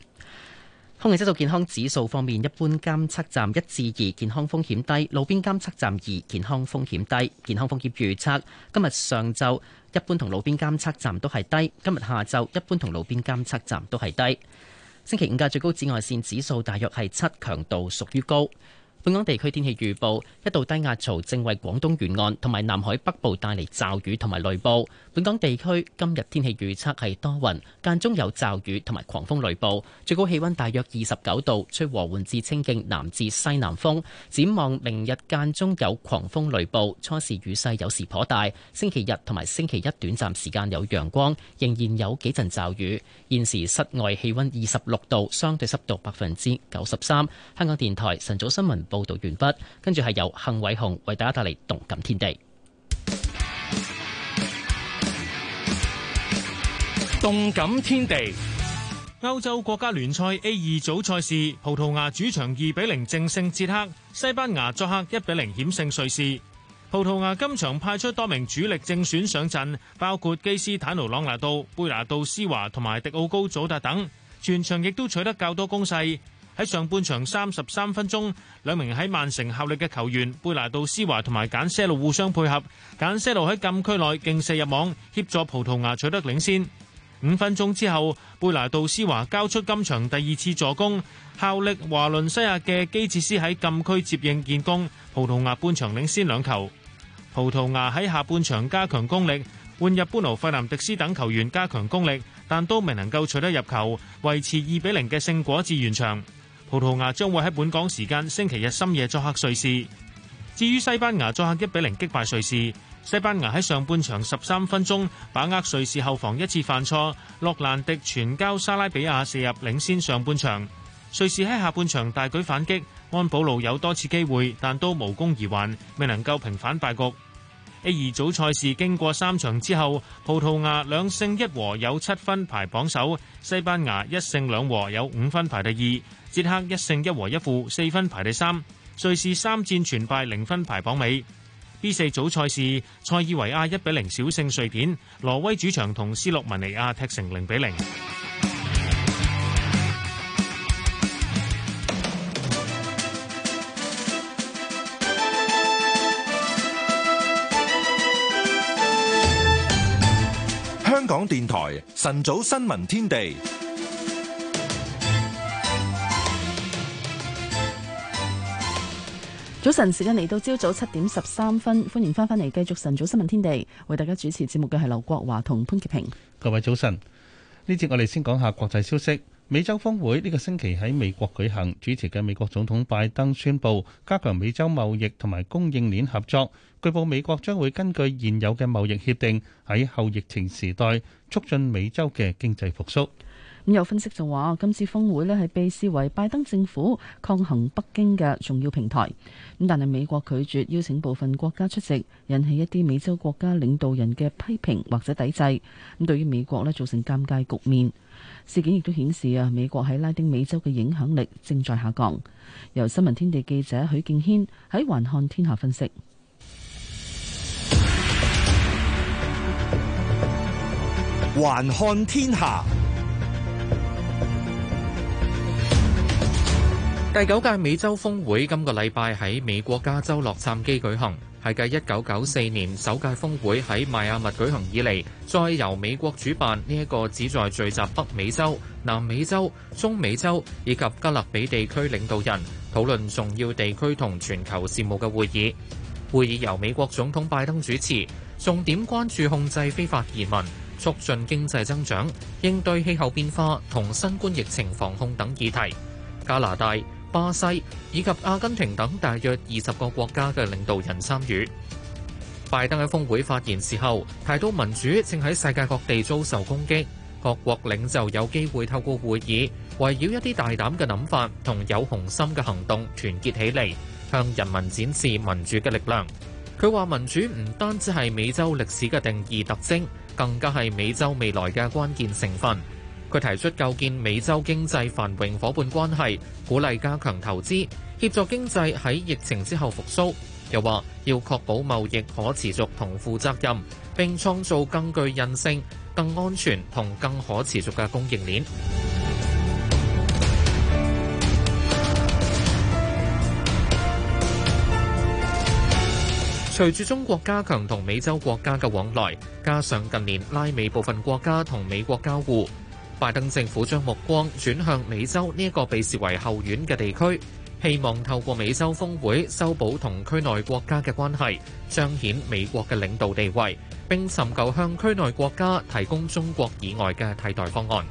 空氣質素健康指數方面，一般監測站一至二，健康風險低；路邊監測站二，健康風險低。健康風險預測今日上晝一般同路邊監測站都係低，今日下晝一般同路邊監測站都係低。星期五嘅最高紫外線指數大約係七，強度屬於高。本港地區天氣預報，一道低壓槽正為廣東沿岸同埋南海北部帶嚟驟雨同埋雷暴。本港地區今日天氣預測係多雲，間中有驟雨同埋狂風雷暴，最高氣溫大約二十九度，吹和緩至清勁南至西南風，展望明日間中有狂風雷暴，初時雨勢有時頗大。星期日同埋星期一短暫時間有陽光，仍然有幾陣驟雨。現時室外氣溫二十六度，相對濕度百分之九十三。香港電台晨早新聞。報道完畢，跟住係由幸偉雄為大家帶嚟動感天地。動感天地，歐洲國家聯賽 A 二組賽事，葡萄牙主場二比零正勝捷克，西班牙作客一比零險勝瑞士。葡萄牙今場派出多名主力正選上陣，包括基斯坦奴·朗拿度、貝拿度·斯華同埋迪奧高·祖達等，全場亦都取得較多攻勢。喺上半場三十三分鐘，兩名喺曼城效力嘅球員貝拿度斯華同埋簡西路互相配合，簡西路喺禁區內勁射入網，協助葡萄牙取得領先。五分鐘之後，貝拿度斯華交出今場第二次助攻，效力華倫西亞嘅基切斯喺禁區接應建功，葡萄牙半場領先兩球。葡萄牙喺下半場加強攻力，換入般奴費南迪斯等球員加強攻力，但都未能夠取得入球，維持二比零嘅勝果至完場。葡萄牙將會喺本港時間星期日深夜作客瑞士。至於西班牙作客一比零擊敗瑞士。西班牙喺上半場十三分鐘把握瑞士後防一次犯錯，洛蘭迪全交沙拉比亞射入領先上半場。瑞士喺下半場大舉反擊，安保路有多次機會，但都無功而還，未能夠平反敗局。A 二組賽事經過三場之後，葡萄牙兩勝一和，有七分排榜首；西班牙一勝兩和，有五分排第二。捷克一勝一和一負，四分排第三；瑞士三戰全敗，零分排榜尾。B 四組賽事，塞爾維亞一比零小勝瑞典，挪威主場同斯洛文尼亞踢成零比零。香港電台晨早新聞天地。早晨，時間嚟到朝早七點十三分，歡迎翻返嚟繼續晨早新聞天地，為大家主持節目嘅係劉國華同潘潔平。各位早晨，呢節我哋先講下國際消息。美洲峰會呢個星期喺美國舉行，主持嘅美國總統拜登宣布加強美洲貿易同埋供應鏈合作。據報，美國將會根據現有嘅貿易協定喺後疫情時代促進美洲嘅經濟復蘇。咁有分析就話，今次峰會咧係被視為拜登政府抗衡北京嘅重要平台。咁但係美國拒絕邀請部分國家出席，引起一啲美洲國家領導人嘅批評或者抵制。咁對於美國咧造成尷尬局面。事件亦都顯示啊，美國喺拉丁美洲嘅影響力正在下降。由新聞天地記者許敬軒喺環看天下分析。環看天下。第九屆美洲峰會今個禮拜喺美國加州洛杉磯舉行，係繼一九九四年首屆峰會喺邁阿密舉行以嚟，再由美國主辦呢一個旨在聚集北美洲、南美洲、中美洲以及加勒比地區領導人討論重要地區同全球事務嘅會議。會議由美國總統拜登主持，重點關注控制非法移民、促進經濟增長、應對氣候變化同新冠疫情防控等議題。加拿大、巴西以及阿根廷等大約二十個國家嘅領導人參與。拜登喺峰會發言時候提到民主正喺世界各地遭受攻擊，各國領袖有機會透過會議圍繞一啲大膽嘅諗法同有雄心嘅行動團結起嚟，向人民展示民主嘅力量。佢話民主唔單止係美洲歷史嘅定義特徵，更加係美洲未來嘅關鍵成分。佢提出構建美洲經濟繁榮夥伴關係，鼓勵加強投資，協助經濟喺疫情之後復蘇。又話要確保貿易可持續同負責任，並創造更具韌性、更安全同更可持續嘅供應鏈。隨住中國加強同美洲國家嘅往來，加上近年拉美部分國家同美國交互。拜登政府將目光轉向美洲呢一個被視為後院嘅地區，希望透過美洲峰會修補同區內國家嘅關係，彰顯美國嘅領導地位，並尋求向區內國家提供中國以外嘅替代方案。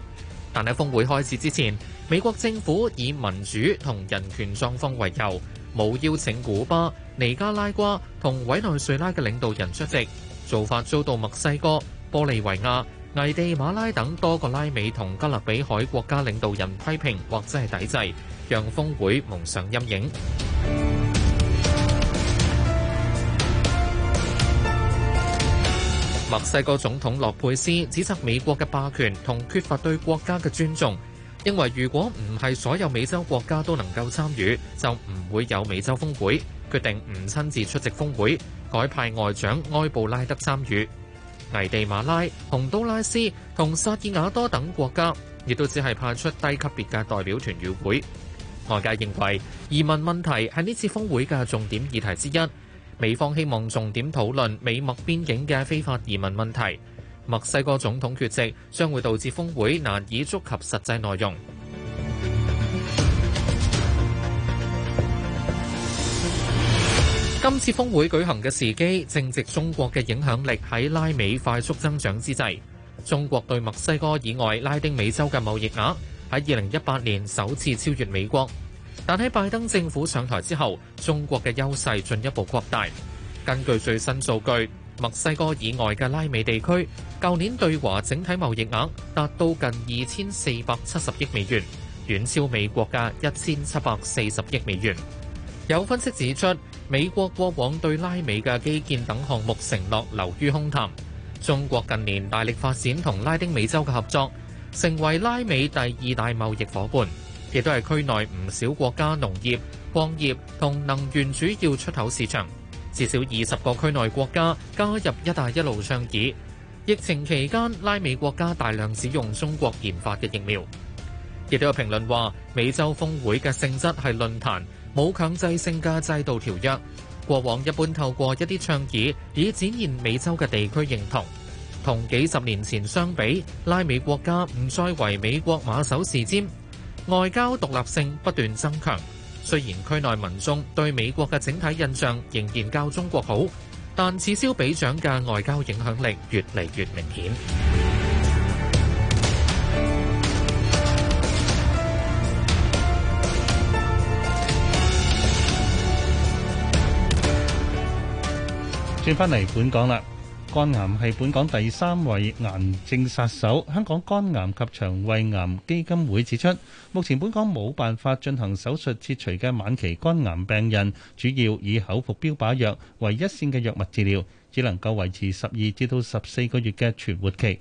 但喺峰會開始之前，美國政府以民主同人權狀況為由，冇邀請古巴、尼加拉瓜同委內瑞拉嘅領導人出席，做法遭到墨西哥、玻利維亞、危地馬拉等多個拉美同加勒比海國家領導人批評或者係抵制，讓峰會蒙上陰影。墨西哥總統洛佩斯指責美國嘅霸權同缺乏對國家嘅尊重，認為如果唔係所有美洲國家都能夠參與，就唔會有美洲峰會，決定唔親自出席峰會，改派外長埃布拉德參與。 危地馬拉、洪都拉斯同薩爾瓦多等國家，亦都只係派出低級別嘅代表團與會。外界認為移民問題係呢次峰會嘅重點議題之一，美方希望重點討論美墨邊境嘅非法移民問題。墨西哥總統缺席將會導致峰會難以觸及實際內容。今次峰會舉行嘅時機正值中國嘅影響力喺拉美快速增長之際。中國對墨西哥以外拉丁美洲嘅貿易額喺二零一八年首次超越美國，但喺拜登政府上台之後中國嘅優勢進一步擴大。根據最新數據，墨西哥以外嘅拉美地區舊年對華整體貿易額達到近二千四百七十億美元，遠超美國嘅一千七百四十億美元。有分析指出，美國過往對拉美嘅基建等項目承諾流於空談，中國近年大力發展同拉丁美洲嘅合作，成為拉美第二大貿易夥伴，亦都係區內唔少國家農業礦業同能源主要出口市場，至少二十個區內國家加入「一帶一路」倡議。疫情期間，拉美國家大量使用中國研發嘅疫苗。亦都有評論話，美洲峰會嘅性質係論壇。冇強制性嘅制度條約，過往一般透過一啲倡議，以展現美洲嘅地區認同。同幾十年前相比，拉美國家唔再為美國馬首是瞻，外交獨立性不斷增強。雖然區內民眾對美國嘅整體印象仍然較中國好，但此消彼長嘅外交影響力越嚟越明顯。轉翻嚟本港啦，肝癌係本港第三位癌症殺手。香港肝癌及腸胃癌基金會指出，目前本港冇辦法進行手術切除嘅晚期肝癌病人，主要以口服標靶藥為一線嘅藥物治療，只能夠維持十二至到十四個月嘅存活期。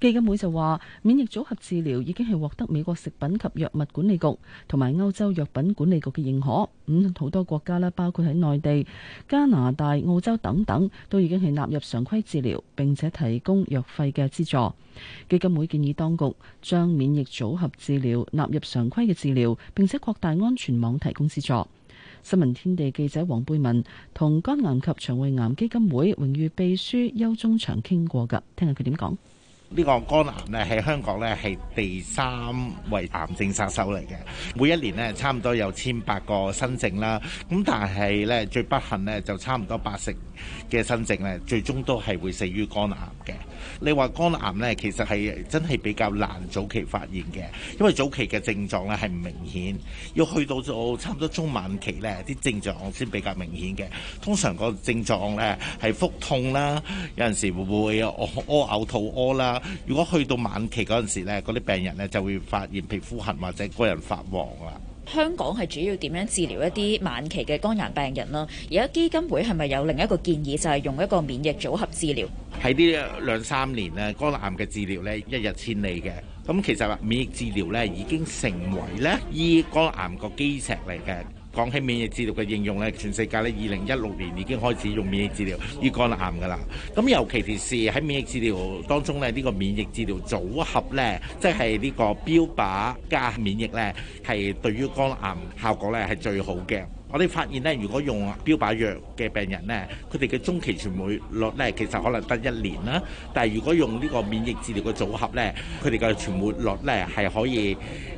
基金會就話，免疫組合治療已經係獲得美國食品及藥物管理局同埋歐洲藥品管理局嘅認可。咁、嗯、好多國家啦，包括喺內地、加拿大、澳洲等等，都已經係納入常規治療並且提供藥費嘅資助。基金會建議當局將免疫組合治療納入常規嘅治療並且擴大安全網提供資助。新聞天地記者黃貝文同肝癌及腸胃癌基金會榮譽秘，秘書邱宗祥傾過㗎，聽下佢點講。呢個肝癌咧喺香港咧係第三位癌症殺手嚟嘅，每一年咧差唔多有千八個新症啦。咁但係咧最不幸咧就差唔多八成嘅新症咧最終都係會死於肝癌嘅。你話肝癌咧其實係真係比較難早期發現嘅，因為早期嘅症狀咧係唔明顯，要去到咗差唔多中晚期呢啲症狀先比較明顯嘅。通常個症狀咧係腹痛啦，有陣時會屙屙嘔吐屙啦。呃呃呃呃呃呃呃呃如果去到晚期嗰陣時咧，嗰啲病人咧就會發現皮膚痕或者個人發黃啦。香港係主要點樣治療一啲晚期嘅肝癌病人啦？而家基金會係咪有另一個建議，就係用一個免疫組合治療？喺呢兩三年呢，肝癌嘅治療呢一日千里嘅。咁其實話免疫治療呢，已經成為咧醫肝癌個基石嚟嘅。講起免疫治療嘅應用咧，全世界咧，二零一六年已經開始用免疫治療於肝癌㗎喇。咁尤其是喺免疫治療當中咧，呢、呢個免疫治療組合咧，即係呢個標靶加免疫咧，係對於肝癌效果咧係最好嘅。我哋發現咧，如果用標靶藥嘅病人咧，佢哋嘅中期存活率咧，其實可能得一年啦。但係如果用呢個免疫治療嘅組合咧，佢哋嘅存活率咧係可以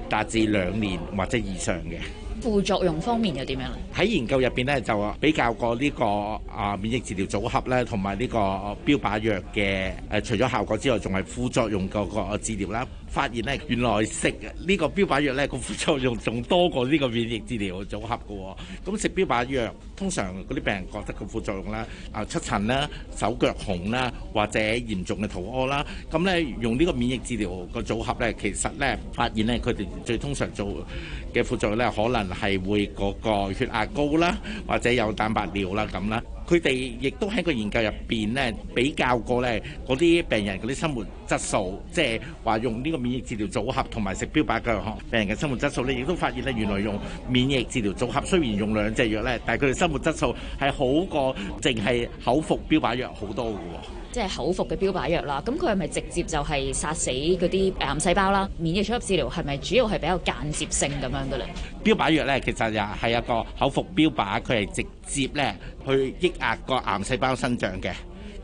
達至兩年或者以上嘅。副作用方面又點樣咧？喺研究入邊咧，就比較過呢個啊免疫治療組合咧，同埋呢個標靶藥嘅誒，除咗效果之外，仲係副作用個個治療啦。發現咧，原來食呢個標靶藥咧，個副作用仲多過呢個免疫治療組合㗎喎。咁食標靶藥，通常嗰啲病人覺得個副作用啦，啊出疹啦、手腳紅啦，或者嚴重嘅肚屙啦。咁咧用呢個免疫治療個組合咧，其實咧發現咧，佢哋最通常做嘅副作用咧，可能係會嗰個血壓高啦，或者有蛋白尿啦咁啦。佢哋亦都喺個研究入邊咧，比較過咧，嗰啲病人嗰啲生活質素，即係話用呢個免疫治療組合同埋食標靶藥，病人嘅生活質素咧，亦都發現咧，原來用免疫治療組合雖然用兩隻藥咧，但係佢哋生活質素係好過淨係口服標靶藥好多嘅喎。即係口服嘅標靶藥啦，咁佢係咪直接就係殺死嗰啲癌細胞啦？免疫組合治療係咪主要係比較間接性咁樣嘅咧？標靶藥咧，其實又係一個口服標靶，佢係直接咧去抑壓個癌細胞生長嘅。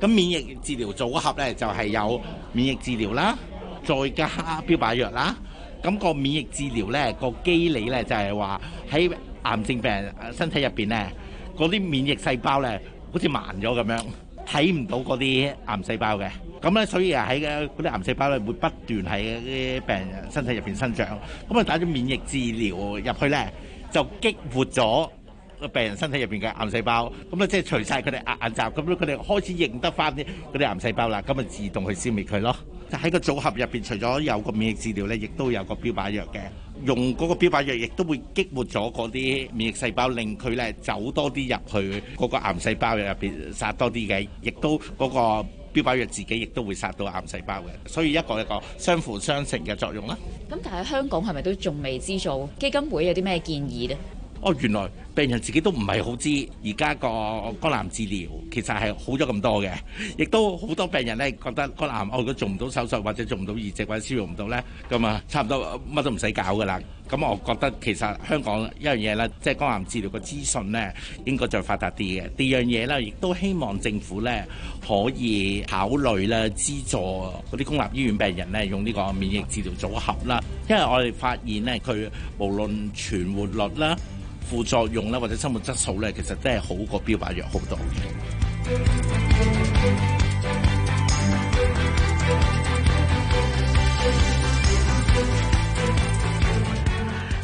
咁免疫治療組合咧就係有免疫治療啦，再加標靶藥啦。咁個免疫治療咧個機理咧就係話喺癌症病人身體入邊咧嗰啲免疫細胞咧好似慢咗咁樣。睇唔到嗰啲癌細胞嘅，咁咧所以啊喺嗰啲癌細胞咧會不斷喺啲病人身體入邊生長，咁啊打咗免疫治療入去咧就激活咗個病人身體入邊嘅癌細胞，咁啊即係除晒佢哋眼罩，咁咧佢哋開始認得翻啲啲癌細胞啦，咁啊自動去消滅佢咯。喺個組合入邊，除咗有個免疫治療咧，亦都有個標靶藥嘅。用嗰個標靶藥，亦都會激活咗嗰啲免疫細胞，令佢咧走多啲入去嗰個癌細胞入邊殺多啲嘅，亦都嗰個標靶藥自己亦都會殺到癌細胞嘅，所以一個一個相輔相成嘅作用啦。咁但係香港係咪都仲未知道？基金會有啲咩建議呢？哦，原來病人自己都唔係好知，而家個肝癌治療其實係好咗咁多嘅，亦都好多病人咧覺得肝癌我都、哦、如果做唔到手術或者做唔到移植或者消融唔到咧，咁啊差唔多乜都唔使搞㗎啦。咁我覺得其實香港一樣嘢咧，即係肝癌治療個資訊咧應該再發達啲嘅。第二樣嘢咧，亦都希望政府咧可以考慮咧資助嗰啲公立醫院病人咧用呢個免疫治療組合啦，因為我哋發現咧佢無論存活率啦。副作用啦，或者生活質素咧，其實都係好過標靶藥好多。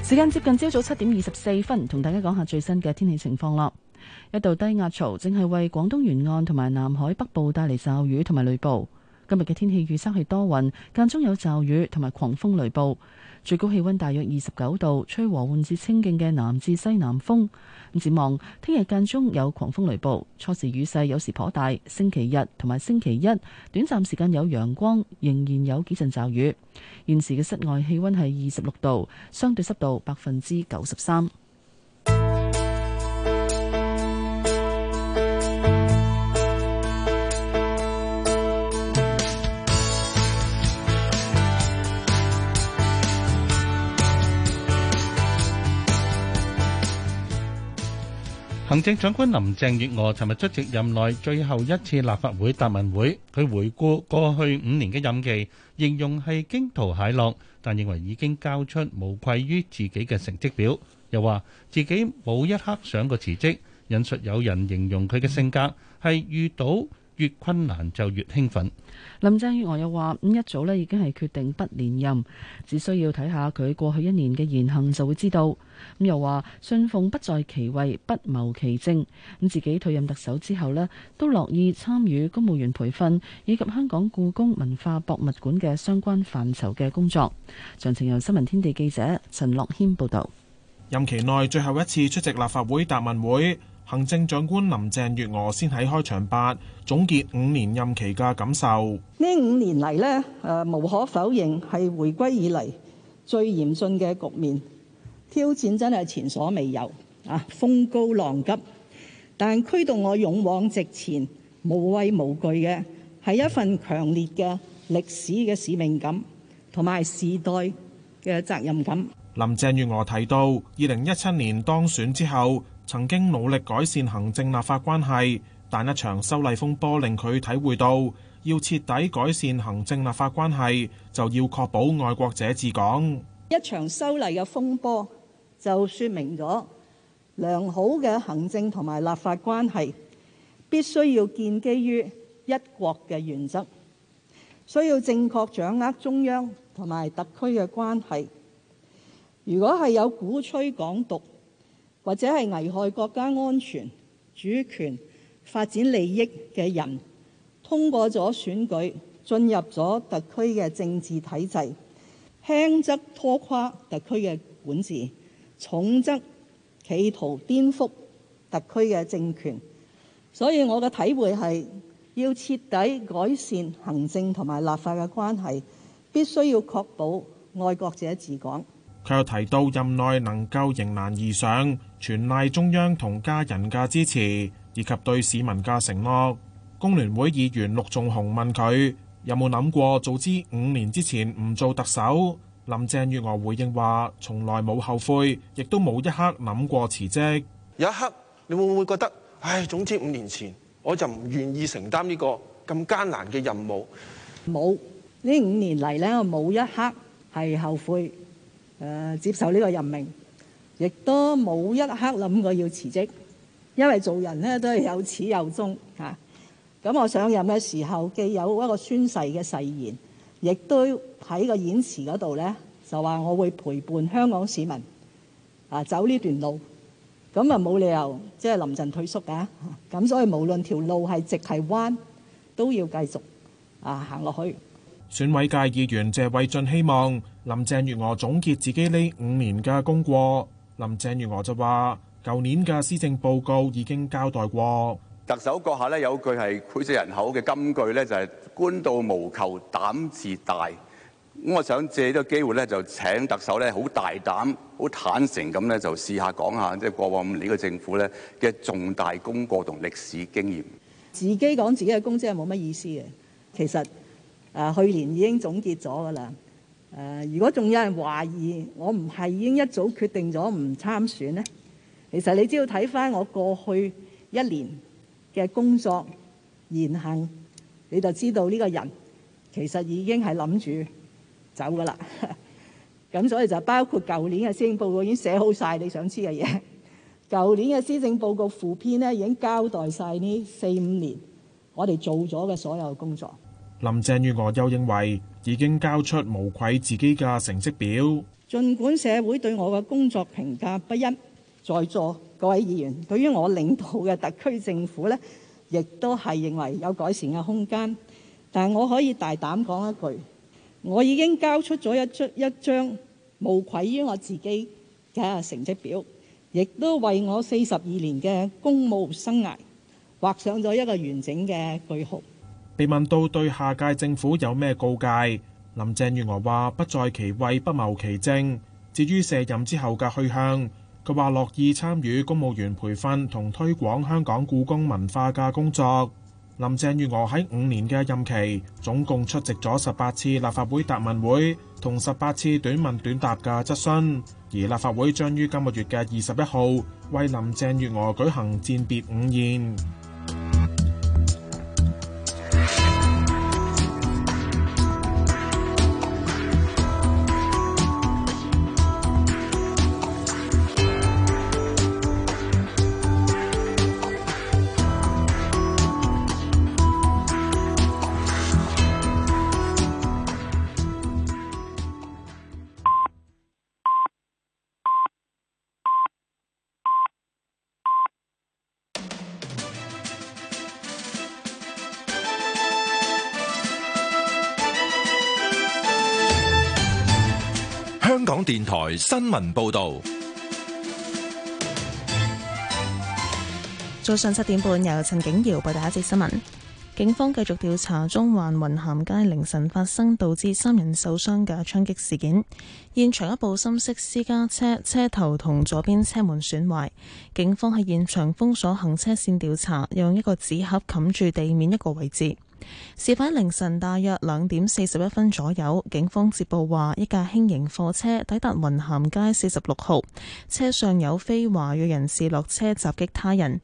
時間接近朝早七點二十四分，同大家講下最新嘅天氣情況啦。一道低壓槽正係為廣東沿岸同埋南海北部帶嚟驟雨同埋雷暴。今日嘅天氣預測係多雲，間中有驟雨同埋狂風雷暴。最高氣溫大約二十九度，吹和緩至清勁嘅南至西南風。展望聽日間中有狂風雷暴，初時雨勢有時頗大。星期日同埋星期一短暫時間有陽光，仍然有幾陣驟雨。現時嘅室外氣溫係二十六度，相對濕度百分之九十三。行政長官林鄭月娥尋日出席任內最後一次立法會答問會，佢回顧過去五年嘅任期，形容係驚濤駭浪，但認為已經交出無愧於自己嘅成績表。又話自己冇一刻想過辭職，引述有人形容佢嘅性格係遇到，越困難就越興奮。林鄭月娥又話：一早咧已經係決定不連任，只需要睇下佢過去一年嘅言行就會知道。咁又話：信奉不在其位不謀其政。咁自己退任特首之後咧，都樂意參與公務員培訓以及香港故宮文化博物館嘅相關範疇嘅工作。詳情由新聞天地記者陳樂軒報導。任期內最後一次出席立法會答問會。行政長官林鄭月娥先喺開場白總結五年任期嘅感受。呢五年嚟呢誒，無可否認係回歸以嚟最嚴峻嘅局面，挑戰真係前所未有啊，風高浪急。但驅動我勇往直前、無畏無懼嘅，係一份強烈嘅歷史嘅使命感，同埋時代嘅責任感。林鄭月娥提到，二零一七年當選之後。曾經努力改善行政立法關係，但一場修例風波令佢體會到，要徹底改善行政立法關係，就要確保愛國者治港。一場修例嘅風波就說明咗，良好嘅行政同埋立法關係必須要建基於一國嘅原則，需要正確掌握中央同埋特區嘅關係。如果係有鼓吹港獨，或者係危害國家安全、主權、發展利益嘅人，通過咗選舉進入咗特區嘅政治體制，輕則拖垮特區嘅管治，重則企圖顛覆特區嘅政權。所以我嘅體會係，要徹底改善行政同埋立法嘅關係，必須要確保愛國者治港。佢又提到任內能夠迎難而上，全賴中央同家人嘅支持，以及對市民嘅承諾。工聯會議員陸仲雄問佢有冇諗過早知五年之前唔做特首，林鄭月娥回應話：從來冇後悔，亦都冇一刻諗過辭職。有一刻你會唔會覺得，唉，總之五年前我就唔願意承擔呢個咁艱難嘅任務。冇，呢五年嚟呢，我冇一刻係後悔。誒、啊、接受呢個任命，亦都冇一刻諗過要辭職，因為做人呢都係有始有終嚇。咁、啊嗯、我上任嘅時候，既有一個宣誓嘅誓言，亦都喺個演辭嗰度呢，就話、是、我會陪伴香港市民啊走呢段路，咁啊冇理由即係臨陣退縮㗎、啊。咁、啊嗯、所以無論條路係直係彎，都要繼續啊行落、啊、去。選委界議員謝偉俊希望。林鄭月娥總結自己呢五年嘅功過，林鄭月娥就話：舊年嘅施政報告已經交代過。特首閣下咧有句係膾炙人口嘅金句咧，就係官到無求膽自大。咁我想借呢個機會咧，就請特首咧好大膽、好坦誠咁咧，就試下講下即係過往五年嘅政府咧嘅重大功過同歷史經驗。自己講自己嘅功績係冇乜意思嘅，其實誒去年已經總結咗噶啦。誒，如果仲有人懷疑我唔係已經一早決定咗唔參選呢，其實你只要睇返我過去一年嘅工作言行，你就知道呢個人其實已經係諗住走㗎喇。咁 所以就包括舊年嘅施政報告已經寫好晒你想知嘅嘢，舊 年嘅施政報告附篇呢已經交代晒呢四五年我哋做咗嘅所有工作。林鄭月娥又認為。已經交出無愧自己嘅成績表，盡管社會對我嘅工作評價不一，在座各位議員對於我領導嘅特區政府呢，亦都係認為有改善嘅空間。但係我可以大膽講一句，我已經交出咗一出一張無愧於我自己嘅成績表，亦都為我四十二年嘅公務生涯畫上咗一個完整嘅句號。被問到對下屆政府有咩告誡，林鄭月娥話：不在其位，不謀其政。至於卸任之後嘅去向，佢話樂意參與公務員培訓同推廣香港故宮文化嘅工作。林鄭月娥喺五年嘅任期總共出席咗十八次立法會答問會同十八次短問短答嘅質詢。而立法會將於今個月嘅二十一號為林鄭月娥舉行餞別午宴。台新聞報道，早上七點半，由陳景堯報第一節新聞。警方繼續調查中環雲咸街凌晨發生導致三人受傷嘅槍擊事件。現場一部深色私家車車頭同左邊車門損壞，警方喺現場封鎖行車線調查，用一個紙盒冚住地面一個位置。事發凌晨大約兩點四十一分左右，警方接報話一架輕型貨車抵達雲咸街四十六號，車上有非華裔人士落車襲擊他人。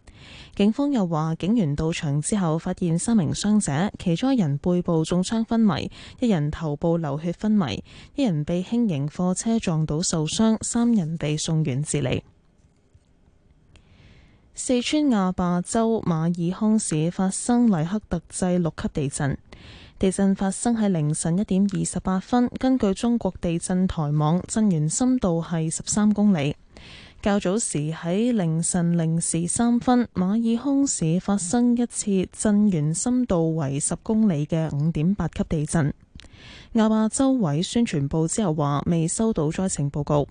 警方又話警員到場之後，發現三名傷者，其中一人背部中槍昏迷，一人頭部流血昏迷，一人被輕型貨車撞到受傷，三人被送院治理。四川阿壩州馬爾康市發生黎克特制六級地震，地震發生喺凌晨一點二十八分。根據中國地震台網，震源深度係十三公里。較早時喺凌晨零時三分，馬爾康市發生一次震源深度為十公里嘅五點八級地震。阿壩州委宣傳部之後話，未收到災情報告。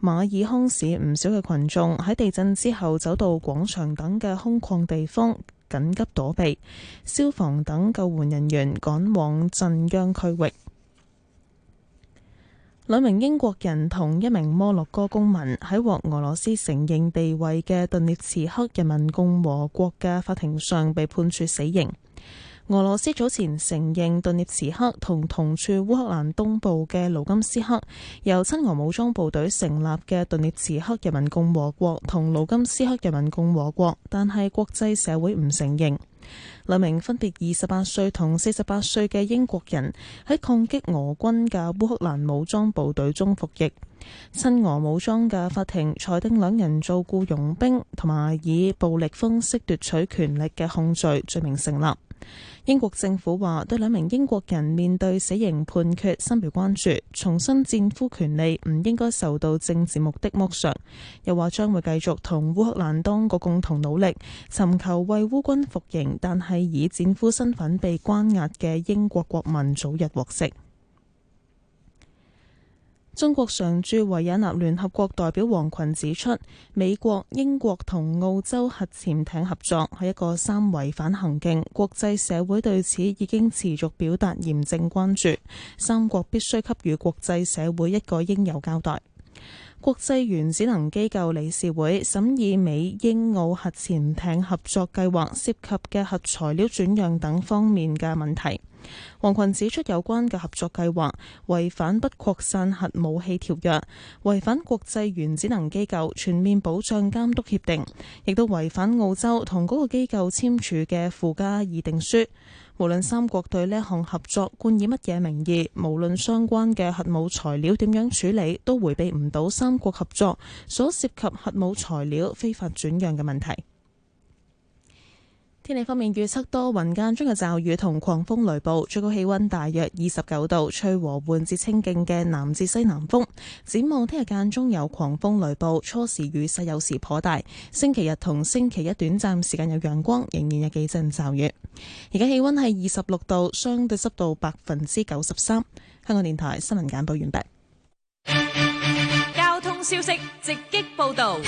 馬爾康市唔少嘅群眾喺地震之後走到廣場等嘅空曠地方緊急躲避，消防等救援人員趕往震央區域。兩名英國人同一名摩洛哥公民喺獲俄羅斯承認地位嘅頓涅茨克人民共和國嘅法庭上被判處死刑。俄羅斯早前承認頓涅茨克同同處烏克蘭東部嘅盧甘斯克由親俄武裝部隊成立嘅頓涅茨克人民共和國同盧甘斯克人民共和國，但係國際社會唔承認。兩名分別二十八歲同四十八歲嘅英國人喺抗擊俄軍嘅烏克蘭武裝部隊中服役，親俄武裝嘅法庭裁定兩人做僱傭兵同埋以，以暴力方式奪取權力嘅控罪罪名成立。英國政府話對兩名英國人面對死刑判決深表關注，重申戰俘權利唔應該受到政治目的剝削，又話將會繼續同烏克蘭當局共同努力，尋求為烏軍服刑但係以戰俘身份被關押嘅英國國民早日獲釋。中國常駐維也納聯合國代表王群指出，美國、英國同澳洲核潛艇合作係一個三違反行徑，國際社會對此已經持續表達嚴正關注。三國必須給予國際社會一個應有交代。國際原子能機構理事會審議美英澳核潛艇合作計劃涉及嘅核材料轉讓等方面嘅問題。王群指出，有關嘅合作計劃違反不擴散核武器條約，違反國際原子能機構全面保障監督協定，亦都違反澳洲同嗰個機構簽署嘅附加議定書。無論三國對呢一項合作冠以乜嘢名義，無論相關嘅核武材料點樣處理，都迴避唔到三國合作所涉及核武材料非法轉讓嘅問題。天氣方面預測多雲間中嘅驟雨同狂風雷暴，最高氣温大約二十九度，吹和緩至清勁嘅南至西南風。展望聽日間中有狂風雷暴，初時雨勢有時頗大。星期日同星期一短暫時間有陽光，仍然有幾陣驟雨。而家氣温係二十六度，相對濕度百分之九十三。香港電台新聞簡報完畢。交通消息直擊報道。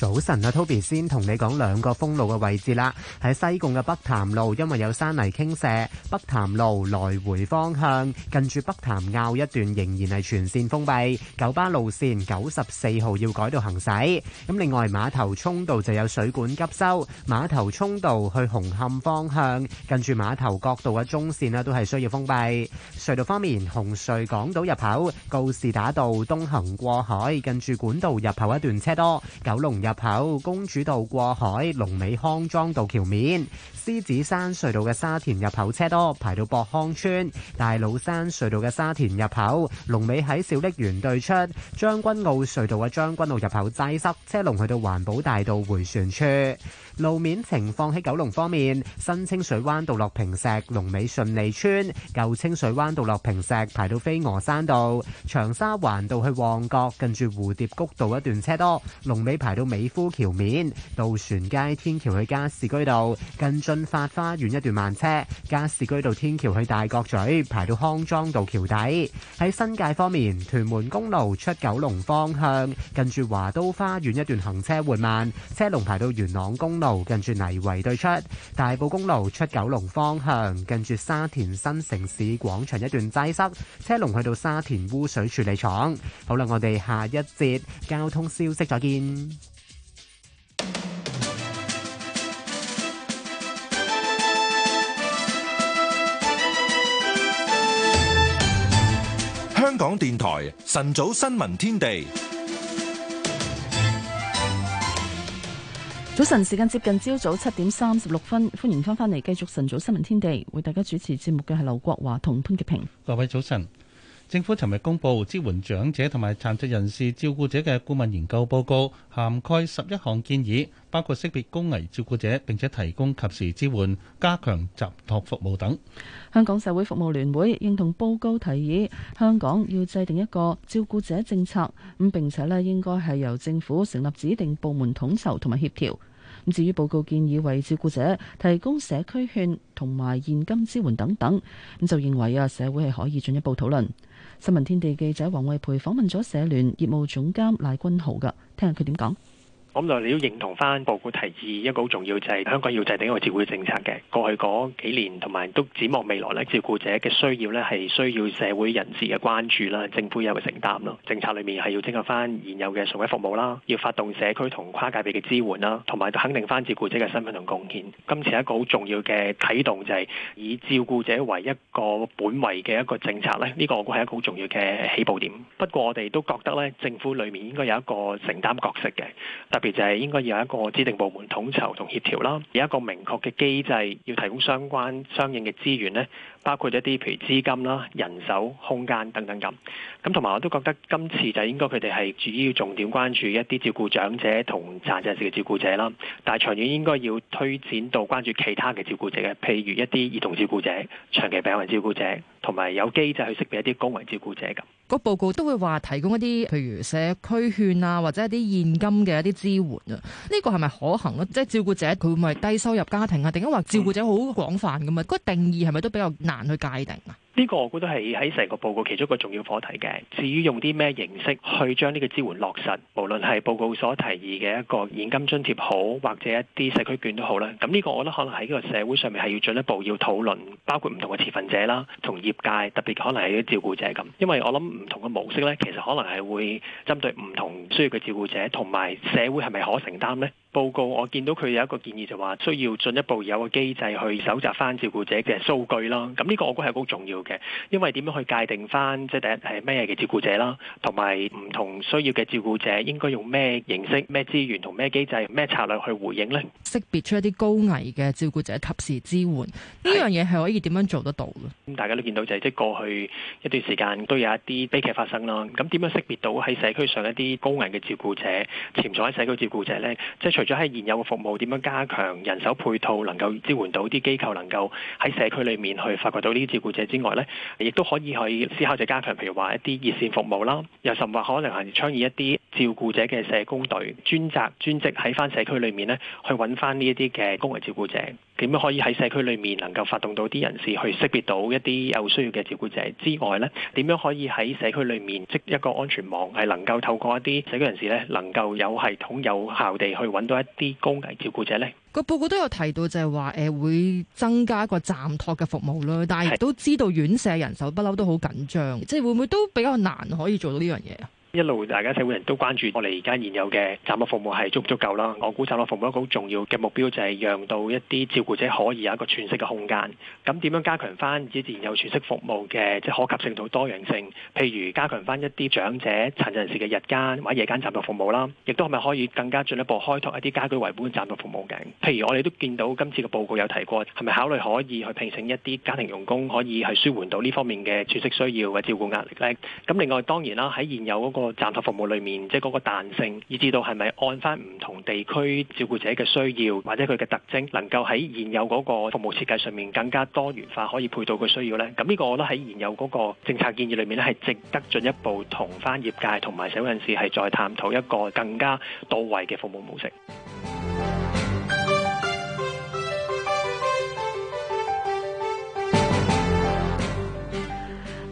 早晨啊，Toby 先同你講兩個封路嘅位置啦。喺西貢嘅北潭路，因為有山泥傾瀉，北潭路來回方向近住北潭坳一段仍然係全線封閉，九巴路線九十四號要改道行駛。咁另外馬頭涌道就有水管急修，馬頭涌道去紅磡方向近住馬頭角道嘅中線咧都係需要封閉。隧道方面，紅隧港島入口告士打道東行過海近住管道入口一段車多，九龍入。入口公主道過海，龍尾康莊道橋面。獅子山隧道嘅沙田入口車多，排到博康村,大老山隧道嘅沙田入口，龍尾喺小瀝源對出，將軍澳隧道嘅將軍澳入口擠塞，車龍去到環保大道回旋處。路面情況喺九龍方面，新清水灣道落坪石，龍尾順利村,舊清水灣道落坪石，排到飛鵝山道，長沙灣道去旺角，近住蝴蝶谷道一段車多，龍尾排到美孚橋面，渡船街天橋去加士居道，近駿發花園一段慢車，加士居道天橋去大角咀排到康莊道橋底。喺新界方面，屯門公路出九龍方向，近住華都花園一段行車緩慢，車龍排到元朗公路，近住泥圍對出。大埔公路出九龍方向，近住沙田新城市廣場一段擠塞，車龍去到沙田污水處理廠。好啦，我哋下一節交通消息再見。港電台晨早新聞天地，早晨時間接近朝早七點三十六分，歡迎翻返嚟繼續晨早新聞天地，為大家主持節目嘅係劉國華同潘潔平。各位早晨。政府尋日公布支援長者同埋殘疾人士照顧者嘅顧問研究報告，涵蓋十一項建議，包括識別高危照顧者並且提供及時支援、加強集托服務等。香港社會服務聯會認同報告提議，香港要制定一個照顧者政策，咁並且咧應該係由政府成立指定部門統籌同埋協調。咁至於報告建議為照顧者提供社區券同埋現金支援等等，咁就認為啊社會係可以進一步討論。新聞天地記者黃慧培訪問咗社聯業務總監賴君豪噶，聽下佢點講。我嚟，你都認同翻報告提議一個好重要，就係香港要制定一個照顧政策嘅。過去嗰幾年同埋都展望未來咧，照顧者嘅需要咧係需要社會人士嘅關注啦，政府有嘅承擔啦。政策裏面係要整合翻現有嘅社會服務啦，要發動社區同跨界別嘅支援啦，同埋肯定翻照顧者嘅身份同貢獻。今次一個好重要嘅啟動就係以照顧者為一個本位嘅一個政策咧，呢個我估係一個好重要嘅起步點。不過我哋都覺得咧，政府裏面應該有一個承擔角色嘅。特別就係應該要有一個指定部門統籌同協調啦，有一個明確嘅機制，要提供相關相應嘅資源咧。包括一啲譬如資金啦、人手、空間等等咁。咁同埋我都覺得今次就應該佢哋係主要重點關注一啲照顧長者同殘障人士嘅照顧者啦。但係長遠應該要推展到關注其他嘅照顧者嘅，譬如一啲兒童照顧者、長期病患照顧者，同埋有機制去識別一啲高危照顧者咁。個報告都會話提供一啲譬如社區券啊，或者一啲現金嘅一啲支援啊。呢個係咪可行咯？即係照顧者佢會唔係低收入家庭啊？定係話照顧者好廣泛咁啊？嗰個定義係咪都比較？難去界定。呢個我覺得係喺成個報告其中一個重要課題嘅。至於用啲咩形式去將呢個支援落實，無論係報告所提議嘅一個現金津貼好，或者一啲社區券都好啦，咁呢個我覺得可能喺呢個社會上面係要進一步要討論，包括唔同嘅持份者啦，同業界，特別可能係啲照顧者咁。因為我諗唔同嘅模式呢，其實可能係會針對唔同需要嘅照顧者，同埋社會係咪可承擔呢？報告我見到佢有一個建議就話、是、需要進一步有一個機制去搜集翻照顧者嘅數據咯，咁呢個我覺得係好重要嘅，因為點樣去界定翻即係第一係咩嘅照顧者啦，同埋唔同需要嘅照顧者應該用咩形式、咩資源同咩機制、咩策略去回應呢？識別出一啲高危嘅照顧者，及時支援呢是樣嘢係可以點樣做得到咧？咁大家都見到就係、是、即係過去一段時間都有一啲悲劇發生啦，咁點樣識別到喺社區上一啲高危嘅照顧者潛在喺社區照顧者呢？即係。除咗喺現有嘅服務點樣加強人手配套，能夠支援到啲機構能夠喺社區裏面去發掘到呢啲照顧者之外咧，亦都可以去思考就加強譬如話一啲熱線服務啦，又甚或可能係倡議一啲？照顧者嘅社工隊專責專職喺翻社區裏面呢去揾翻呢一啲嘅高危照顧者，點樣可以喺社區裏面能夠發動到啲人士去識別到一啲有需要嘅照顧者之外呢？點樣可以喺社區裏面織一個安全網係能夠透過一啲社區人士呢能夠有系統有效地去揾到一啲高危照顧者呢？個報告都有提到就係話，誒會增加一個暫託嘅服務咯，但係都知道院舍人手不嬲都好緊張，即係會唔會都比較難可以做到呢樣嘢啊？一路大家社會人都關注我現現足足，我哋而家現有嘅暫託服務係足唔足夠啦？我估暫託服務一個好重要嘅目標就係讓到一啲照顧者可以有一個喘息嘅空間。咁點樣加強翻一啲現有喘息服務嘅即係可及性到多樣性？譬如加強翻一啲長者殘疾人士嘅日間或者夜間暫託服務啦，亦都係咪可以更加進一步開拓一啲家居為本暫託服務嘅？譬如我哋都見到今次嘅報告有提過，係咪考慮可以去聘請一啲家庭傭工，可以去舒緩到呢方面嘅喘息需要嘅照顧壓力呢？咁另外當然啦，喺現有嗰、那個個暫託服務裏面，即係嗰個彈性，以至到係咪按翻唔同地區照顧者嘅需要，或者佢嘅特徵，能夠喺現有嗰個服務設計上面更加多元化，可以配套嘅需要呢？咁呢個我覺得喺現有嗰個政策建議裏面咧，係值得進一步同翻業界同埋社會人士係再探討一個更加到位嘅服務模式。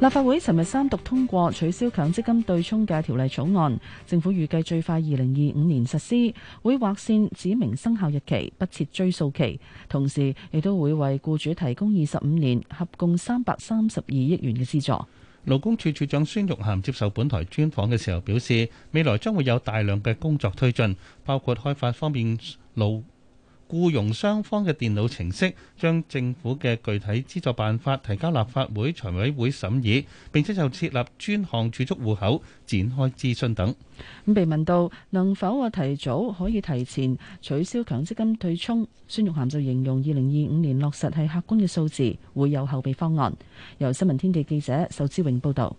立法會尋日三讀通過取消強積金對沖嘅條例草案，政府預計最快二零二五年實施，會劃線指明生效日期，不設追溯期，同時亦都會為僱主提供二十五年合共三百三十二億元嘅資助。勞工處處長孫玉涵接受本台專訪嘅時候表示，未來將會有大量嘅工作推進，包括開發方面。勞。僱傭雙方嘅電腦程式，將政府嘅具體資助辦法提交立法會財委會審議，並且就設立專項儲蓄戶口展開諮詢等、嗯。被問到能否話提早可以提前取消強積金退沖，孫玉涵就形容二零二五年落實係客觀嘅數字，會有後備方案。由新聞天地記者仇志榮報道。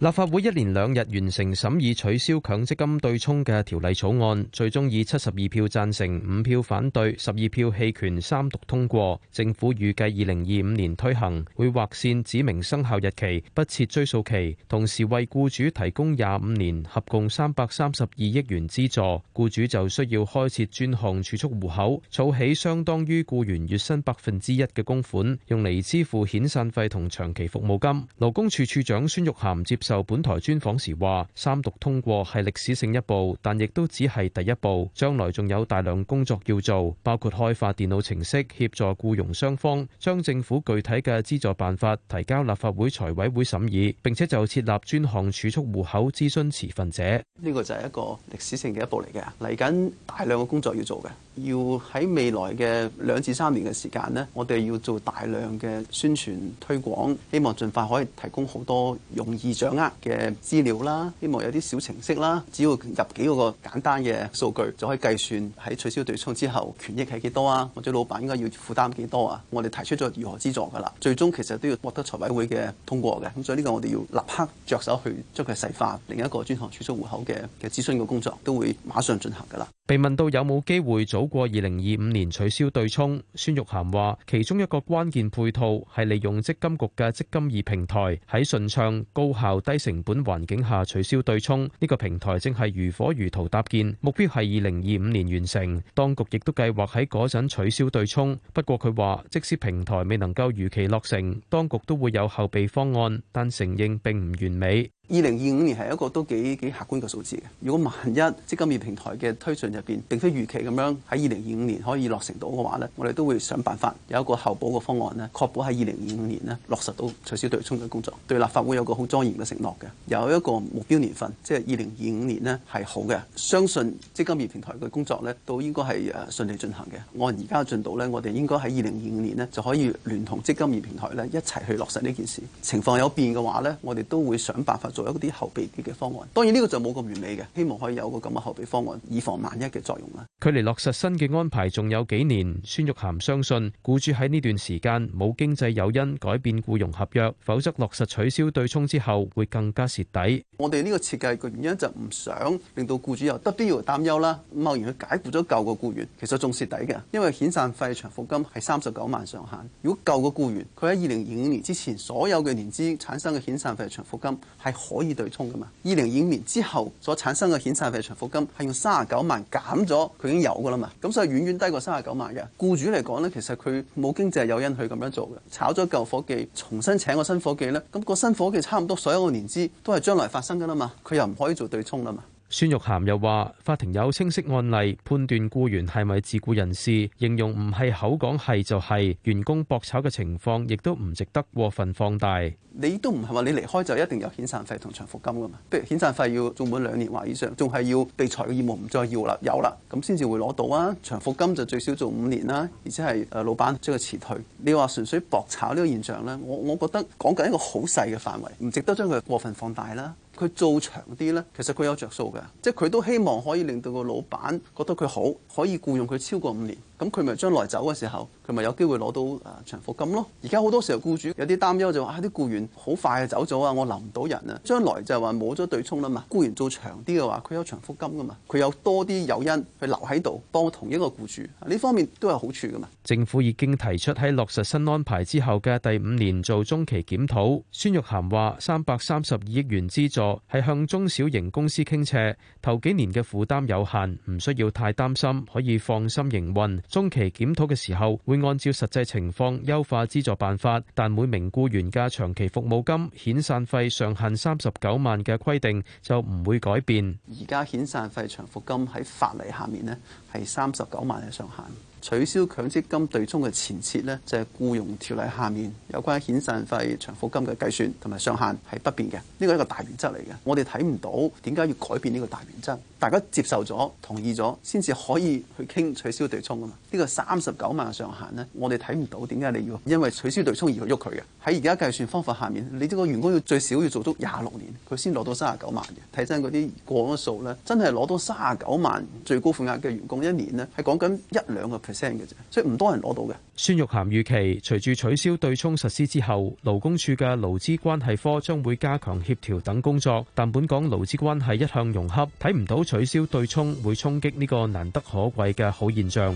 立法會一連兩日完成審議取消強積金對沖嘅條例草案，最終以七十二票讚成、五票反對、十二票棄權三讀通過。政府預計二零二五年推行，會劃線指明生效日期，不設追溯期，同時為雇主提供廿五年合共三百三十二億元資助，雇主就需要開設專項儲蓄戶口，儲起相當於雇員月薪百分之一嘅供款，用嚟支付遣散費同長期服務金。勞工處處長孫玉涵接。就本台專訪時話，三讀通過係歷史性一步，但亦都只係第一步，將來仲有大量工作要做，包括開發電腦程式協助僱傭雙方，將政府具體嘅資助辦法提交立法會財委會審議，並且就設立專項儲蓄戶口諮詢持份者。呢個就係一個歷史性嘅一步嚟嘅，嚟緊大量嘅工作要做嘅。要喺未來嘅兩至三年嘅時間呢，我哋要做大量嘅宣傳推廣，希望盡快可以提供好多容易掌握嘅資料啦。希望有啲小程式啦，只要入幾個簡單嘅數據就可以計算喺取消對沖之後權益係幾多啊？或者老闆應該要負擔幾多啊？我哋提出咗如何資助噶啦，最終其實都要獲得財委會嘅通過嘅。咁所以呢個我哋要立刻着手去將佢細化，另一個專項儲蓄戶口嘅嘅諮詢嘅工作都會馬上進行噶啦。被問到有冇機會做？好過二零二五年取消對沖，孫玉菡話，其中一個關鍵配套係利用積金局嘅積金易平台喺順暢、高效、低成本環境下取消對沖。呢、這個平台正係如火如荼搭建，目標係二零二五年完成。當局亦都計劃喺嗰陣取消對沖，不過佢話即使平台未能夠如期落成，當局都會有後備方案，但承認並唔完美。二零二五年係一個都幾幾客觀嘅數字嘅。如果萬一積金易平台嘅推進入面並非預期咁樣喺二零二五年可以落成到嘅話呢，我哋都會想辦法有一個後補嘅方案呢，確保喺二零二五年呢落實到取消對沖嘅工作，對立法會有個好莊嚴嘅承諾嘅。有一個目標年份，即係二零二五年呢係好嘅。相信積金易平台嘅工作呢，都應該係誒，順利進行嘅。按而家嘅進度呢，我哋應該喺二零二五年呢就可以聯同積金易平台呢一齊去落實呢件事。情況有變嘅話呢，我哋都會想辦法，做一啲後備嘅方案，當然呢個就冇咁完美嘅，希望可以有個咁嘅後備方案，以防萬一嘅作用啦。距離落實新嘅安排仲有幾年，孫玉涵相信僱主喺呢段時間冇經濟誘因改變僱傭合約，否則落實取消對沖之後會更加蝕底。我哋呢個設計嘅原因就唔想令到僱主有得必要擔憂啦。貿然去解僱咗舊嘅僱員，其實仲蝕底嘅，因為遣散費、長服金係三十九萬上限。如果舊嘅僱員佢喺二零二五年之前所有嘅年資產生嘅遣散費、長服金係。可以對沖噶嘛？二零二五年之後所產生嘅遣散費、長服金，係用三十九萬減咗，佢已經有噶啦嘛。咁所以遠遠低過三十九萬嘅僱主嚟講呢，其實佢冇經濟誘因去咁樣做嘅。炒咗舊伙計，重新請個新伙計呢，咁個新伙計差唔多所有嘅年資都係將來發生噶啦嘛，佢又唔可以做對沖啦嘛。孫玉涵又話：法庭有清晰案例判斷雇員係咪自雇人士，形容唔係口講係就係、是、員工博炒嘅情況，亦都唔值得過分放大。你都唔係話你離開就一定有遣散費同長服金噶嘛？譬如遣散費要做滿兩年或以上，仲係要被裁嘅業務唔再要啦，有啦咁先至會攞到啊。長服金就最少做五年啦，而且係誒老闆將佢辭退。你話純粹博炒呢個現象咧，我我覺得講緊一個好細嘅範圍，唔值得將佢過分放大啦。佢做長啲咧，其實佢有着數嘅，即係佢都希望可以令到個老闆覺得佢好，可以僱傭佢超過五年。咁佢咪將來走嘅時候，佢咪有機會攞到誒長福金咯。而家好多時候，僱主有啲擔憂就話，啲、啊、僱員好快就走咗啊！我留唔到人啊！將來就係話冇咗對沖吖嘛。僱員做長啲嘅話，佢有長福金噶嘛，佢有多啲誘因去留喺度幫我同一個僱主。呢方面都有好處噶嘛。政府已經提出喺落實新安排之後嘅第五年做中期檢討。孫玉菡話，三百三十二億元資助係向中小型公司傾斜，頭幾年嘅負擔有限，唔需要太擔心，可以放心營運。中期檢討嘅時候，會按照實際情況優化資助辦法，但每名雇員嘅長期服務金遣散費上限三十九萬嘅規定就唔會改變。而家遣散費長服金喺法例下面呢，係三十九萬嘅上限。取消強積金對沖嘅前設呢就係僱傭條例下面有關遣散費、長俸金嘅計算同埋上限係不變嘅。呢個係一個大原則嚟嘅，我哋睇唔到點解要改變呢個大原則。大家接受咗、同意咗，先至可以去傾取消對沖啊嘛。呢、這個三十九萬嘅上限呢，我哋睇唔到點解你要因為取消對沖而去喐佢嘅。喺而家計算方法下面，你呢個員工要最少要做足廿六年，佢先攞到三十九萬嘅。睇真嗰啲過多數呢，真係攞到三十九萬最高份額嘅員工一年呢，係講緊一兩個 percent 嘅啫，所以唔多人攞到嘅。孫玉涵預期，隨住取消對沖實施之後，勞工處嘅勞資關係科將會加強協調等工作，但本港勞資關係一向融洽，睇唔到取消對沖會衝擊呢個難得可貴嘅好現象。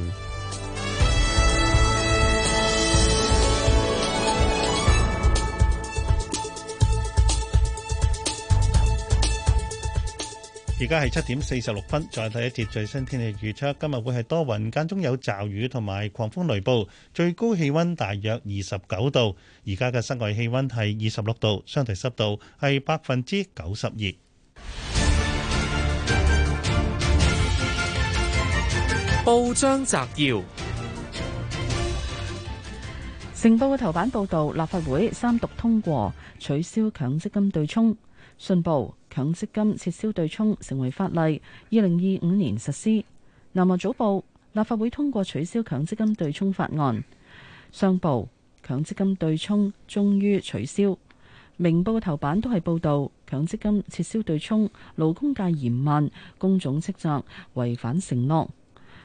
而家係七點四十六分，再睇一節最新天氣預測。今日會係多雲間中有驟雨同埋狂風雷暴，最高氣温大約二十九度。而家嘅室外氣温係二十六度，相對濕度係百分之九十二。報章摘要：成報嘅頭版報道，立法會三讀通過取消強積金對沖。信報。強積金撤銷對沖成為法例，二零二五年實施。南華早報：立法會通過取消強積金對沖法案。商報：強積金對沖終於取消。明報頭版都係報道強積金撤銷對沖，勞工界嚴問，工種斥責違反承諾。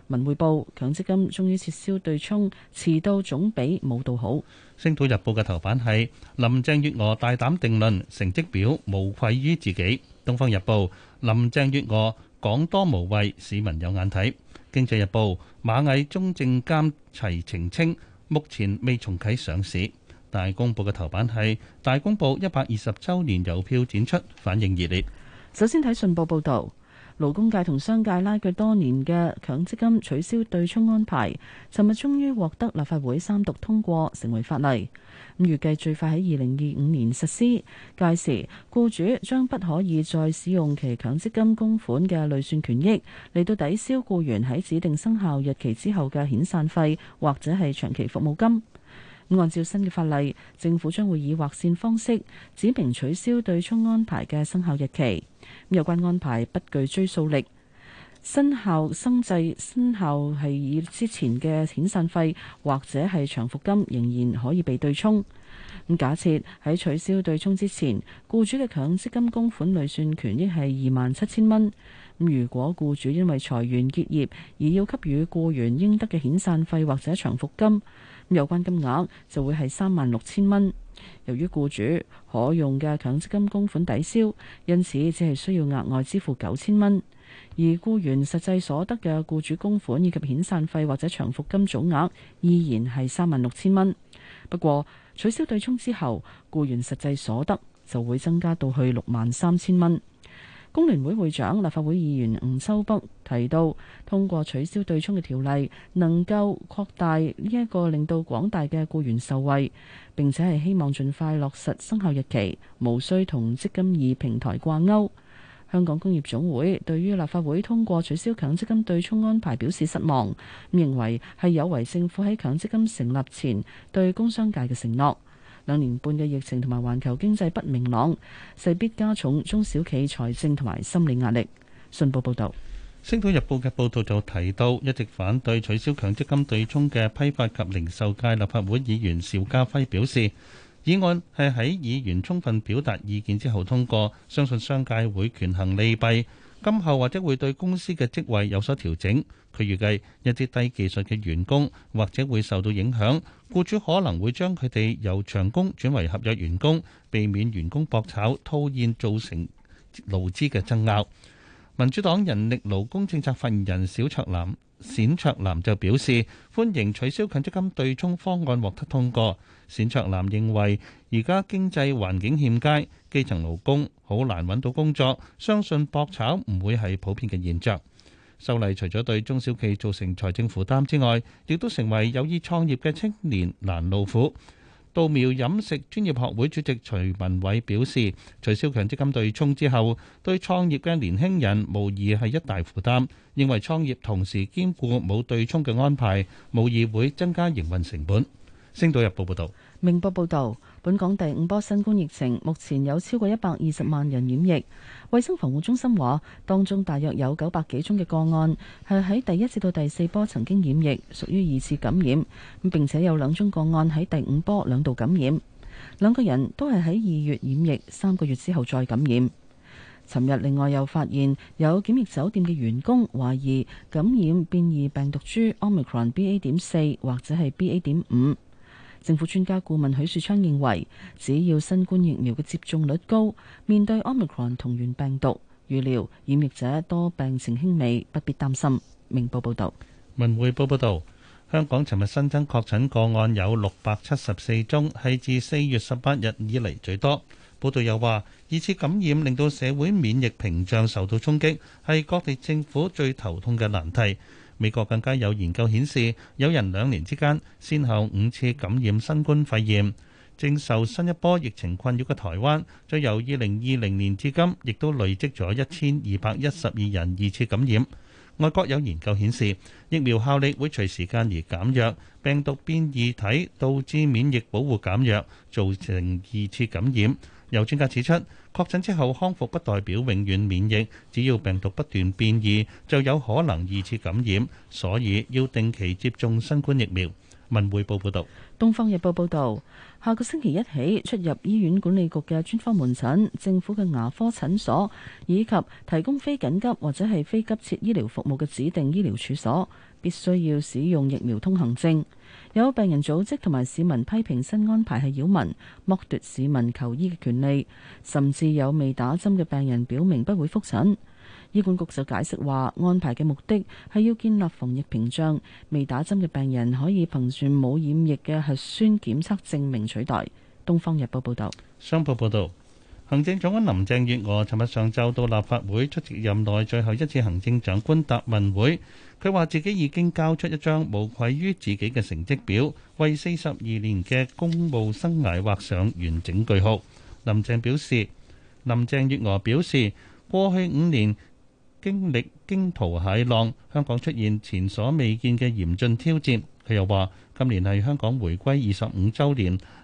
文匯報：強積金終於撤銷對沖，遲到總比冇到好。星島日報嘅頭版係林鄭月娥大膽定論，成績表無愧於自己。東方日報：林鄭月娥講多無謂，市民有眼睇。經濟日報：螞蟻中證監齊澄清，目前未重啟上市。大公報嘅頭版係大公報一百二十周年郵票展出，反應熱烈。首先睇信報報道。勞工界同商界拉鋸多年嘅強積金取消對沖安排，尋日終於獲得立法會三讀通過，成為法例。咁預計最快喺二零二五年實施。屆時，僱主將不可以再使用其強積金供款嘅累算權益嚟到抵消僱員喺指定生效日期之後嘅遣散費，或者係長期服務金。按照新嘅法例，政府將會以劃線方式指明取消對沖安排嘅生效日期。有關安排不具追溯力，生效生際生效係以之前嘅遣散費或者係長服金仍然可以被對沖。咁假設喺取消對沖之前，雇主嘅強積金供款累算權益係二萬七千蚊。如果雇主因為裁員結業而要給予雇員應得嘅遣散費或者長服金，咁有關金額就會係三萬六千蚊。由於僱主可用嘅強積金供款抵消，因此只係需要額外支付九千蚊。而僱員實際所得嘅僱主供款以及遣散費或者長服金總額依然係三萬六千蚊。不過取消對沖之後，僱員實際所得就會增加到去六萬三千蚊。工聯會會長、立法會議員吳秋北提到，通過取消對沖嘅條例，能夠擴大呢一個令到廣大嘅僱員受惠，並且係希望盡快落實生效日期，無需同積金二平台掛鈎。香港工業總會對於立法會通過取消強積金對沖安排表示失望，認為係有違政府喺強積金成立前對工商界嘅承諾。兩年半嘅疫情同埋環球經濟不明朗，勢必加重中小企財政同埋心理壓力。信報報道，《星島日報》嘅報導就提到，一直反對取消強積金對沖嘅批發及零售界立法會議員邵家輝表示，議案係喺議員充分表達意見之後通過，相信商界會權衡利弊。今後或者會對公司嘅職位有所調整。佢預計一啲低技術嘅員工或者會受到影響，僱主可能會將佢哋由長工轉為合約員工，避免員工搏炒，套現造成勞資嘅爭拗。民主黨人力勞工政策發言人小卓南冼卓南就表示歡迎取消強積金對沖方案獲得通過。冼卓南認為，而家經濟環境欠佳，基層勞工好難揾到工作，相信博炒唔會係普遍嘅現象。修例除咗對中小企造成財政負擔之外，亦都成為有意創業嘅青年攔路虎。稻苗飲食專業學會主席徐文偉表示，取消強積金對沖之後，對創業嘅年輕人無疑係一大負擔，認為創業同時兼顧冇對沖嘅安排，無疑會增加營運成本。星島日報報道，明報報道，本港第五波新冠疫情目前有超過一百二十萬人染疫。衛生防護中心話，當中大約有九百幾宗嘅個案係喺第一次到第四波曾經染疫，屬於二次感染。咁並且有兩宗個案喺第五波兩度感染，兩個人都係喺二月染疫，三個月之後再感染。尋日另外又發現有檢疫酒店嘅員工懷疑感染變異病毒株 Omicron BA 點四或者係 BA 點五。政府專家顧問許樹昌認為，只要新冠疫苗嘅接種率高，面對 Omicron 同源病毒，預料染疫者多病情輕微，不必擔心。明報報道。文匯報報道，香港尋日新增確診個案有六百七十四宗，係自四月十八日以嚟最多。報道又話，二次感染令到社會免疫屏障受到衝擊，係各地政府最頭痛嘅難題。美國更加有研究顯示，有人兩年之間，先後五次感染新冠肺炎。正受新一波疫情困擾嘅台灣，再由二零二零年至今，亦都累積咗一千二百一十二人二次感染。外國有研究顯示，疫苗效力會隨時間而減弱。病毒變異體導致免疫保護減弱，造成二次感染。有專家指出，確診之後康復不代表永遠免疫，只要病毒不斷變異，就有可能二次感染，所以要定期接種新冠疫苗。文匯報報道，《東方日報》報道，下個星期一起，出入醫院管理局嘅專科門診、政府嘅牙科診所以及提供非緊急或者係非急切醫療服務嘅指定醫療處所，必須要使用疫苗通行證。有病人組織同埋市民批評新安排係擾民，剝奪市民求醫嘅權利，甚至有未打針嘅病人表明不會覆診。醫管局就解釋話，安排嘅目的係要建立防疫屏障，未打針嘅病人可以憑住冇染疫嘅核酸檢測證明取代。《東方日報》報道。《商報》報道。行政長官林鄭月娥尋日上晝到立法會出席任內最後一次行政長官答問會，佢話自己已經交出一張無愧於自己嘅成績表，為四十二年嘅公務生涯畫上完整句號。林鄭表示，林鄭月娥表示過去五年經歷驚濤駭浪，香港出現前所未見嘅嚴峻挑戰。佢又話，今年係香港回歸二十五週年。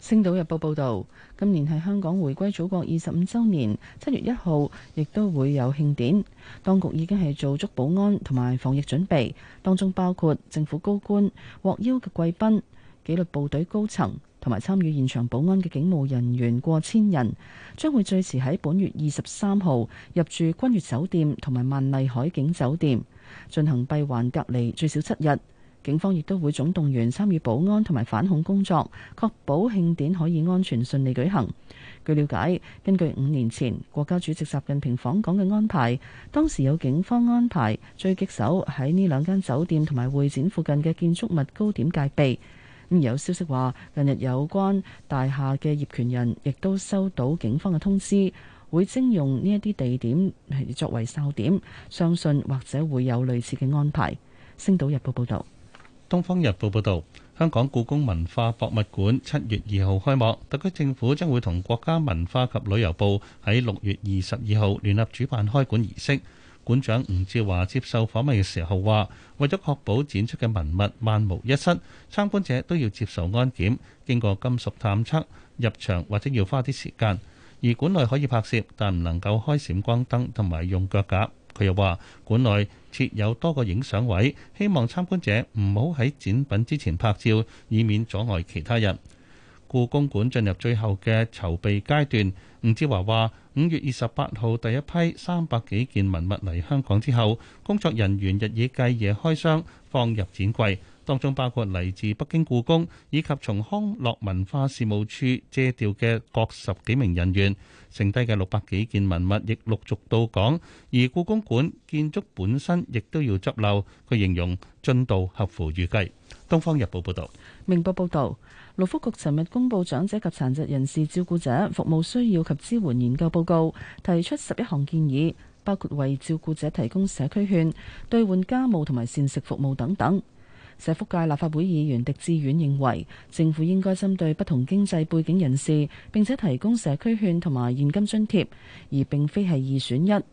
星島日報報道，今年係香港回歸祖國二十五周年，七月一號亦都會有慶典。當局已經係做足保安同埋防疫準備，當中包括政府高官、獲邀嘅貴賓、紀律部隊高層同埋參與現場保安嘅警務人員過千人，將會最遲喺本月二十三號入住君悅酒店同埋萬麗海景酒店，進行閉環隔離最少七日。警方亦都會總動員參與保安同埋反恐工作，確保慶典可以安全順利舉行。據了解，根據五年前國家主席習近平訪港嘅安排，當時有警方安排狙擊手喺呢兩間酒店同埋會展附近嘅建築物高點戒備。咁、嗯、有消息話，近日有關大廈嘅業權人亦都收到警方嘅通知，會徵用呢一啲地點嚟作為哨點。相信或者會有類似嘅安排。《星島日報》報導。《東方日報》報導，香港故宮文化博物館七月二號開幕，特區政府將會同國家文化及旅遊部喺六月二十二號聯合主辦開館儀式。館長吳志華接受訪問嘅時候話，為咗確保展出嘅文物萬無一失，參觀者都要接受安檢，經過金屬探測，入場或者要花啲時間。而館內可以拍攝，但唔能夠開閃光燈同埋用腳架。佢又話：館內設有多個影相位，希望參觀者唔好喺展品之前拍照，以免阻礙其他人。故宮館進入最後嘅籌備階段。吳志華話：五月二十八號第一批三百幾件文物嚟香港之後，工作人員日以繼夜開箱放入展櫃，當中包括嚟自北京故宮以及從康樂文化事務處借調嘅各十幾名人員。剩低嘅六百幾件文物亦陸續到港，而故宮館建築本身亦都要執漏。佢形容進度合乎預計。《東方日報》報道，《明報》報道，勞福局尋日公佈長者及殘疾人士照顧者服務需要及支援研究報告，提出十一項建議，包括為照顧者提供社區券、兌換家務同埋膳食服務等等。社福界立法會議員狄志遠認為，政府應該針對不同經濟背景人士，並且提供社區券同埋現金津貼，而並非係二選一。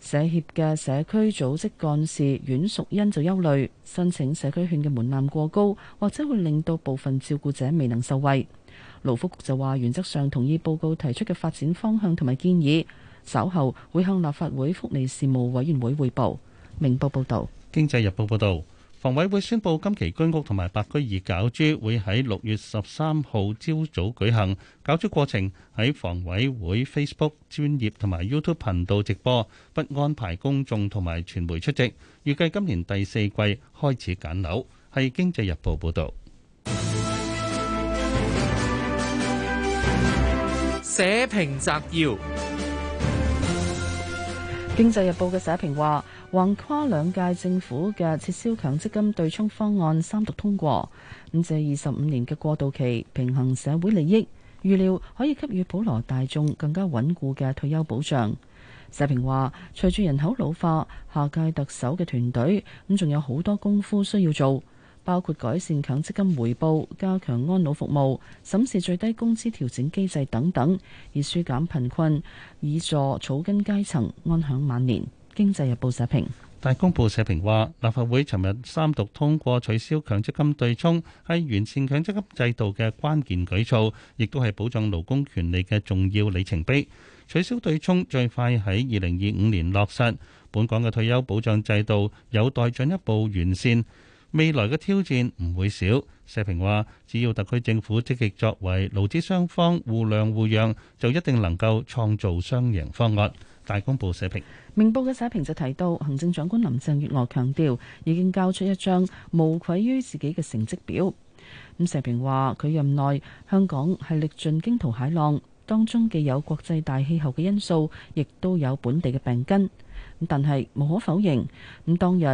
社協嘅社區組織幹事阮淑欣就憂慮，申請社區券嘅門檻過高，或者會令到部分照顧者未能受惠。勞福局就話，原則上同意報告提出嘅發展方向同埋建議，稍後會向立法會福利事務委員會匯報。明報報道。經濟日報報道。房委會宣布，今期居屋同埋白居二攪珠會喺六月十三號朝早舉行，攪珠過程喺房委會 Facebook 專頁同埋 YouTube 頻道直播，不安排公眾同埋傳媒出席。預計今年第四季開始揀樓。係《經濟日報》報道。社評摘要。《經濟日報》嘅社評話，橫跨兩屆政府嘅撤銷強積金對沖方案三讀通過，咁借二十五年嘅過渡期平衡社會利益，預料可以給予普羅大眾更加穩固嘅退休保障。社評話，隨住人口老化，下屆特首嘅團隊咁仲有好多功夫需要做。包括改善強積金回報、加強安老服務、審視最低工資調整機制等等，以紓減貧困，以助草根階層安享晚年。經濟日報社評。大公報社評話，立法會尋日三讀通過取消強積金對沖，係完善強積金制度嘅關鍵舉措，亦都係保障勞工權利嘅重要里程碑。取消對沖最快喺二零二五年落實，本港嘅退休保障制度有待進一步完善。未來嘅挑戰唔會少，社評話：只要特區政府積極作為，勞資雙方互諒互讓，就一定能夠創造雙贏方案。大公報社評，明報嘅社評就提到，行政長官林鄭月娥強調已經交出一張無愧於自己嘅成績表。咁社評話佢任內香港係歷盡驚濤駭浪，當中既有國際大氣候嘅因素，亦都有本地嘅病根。咁，但係無可否認，咁當日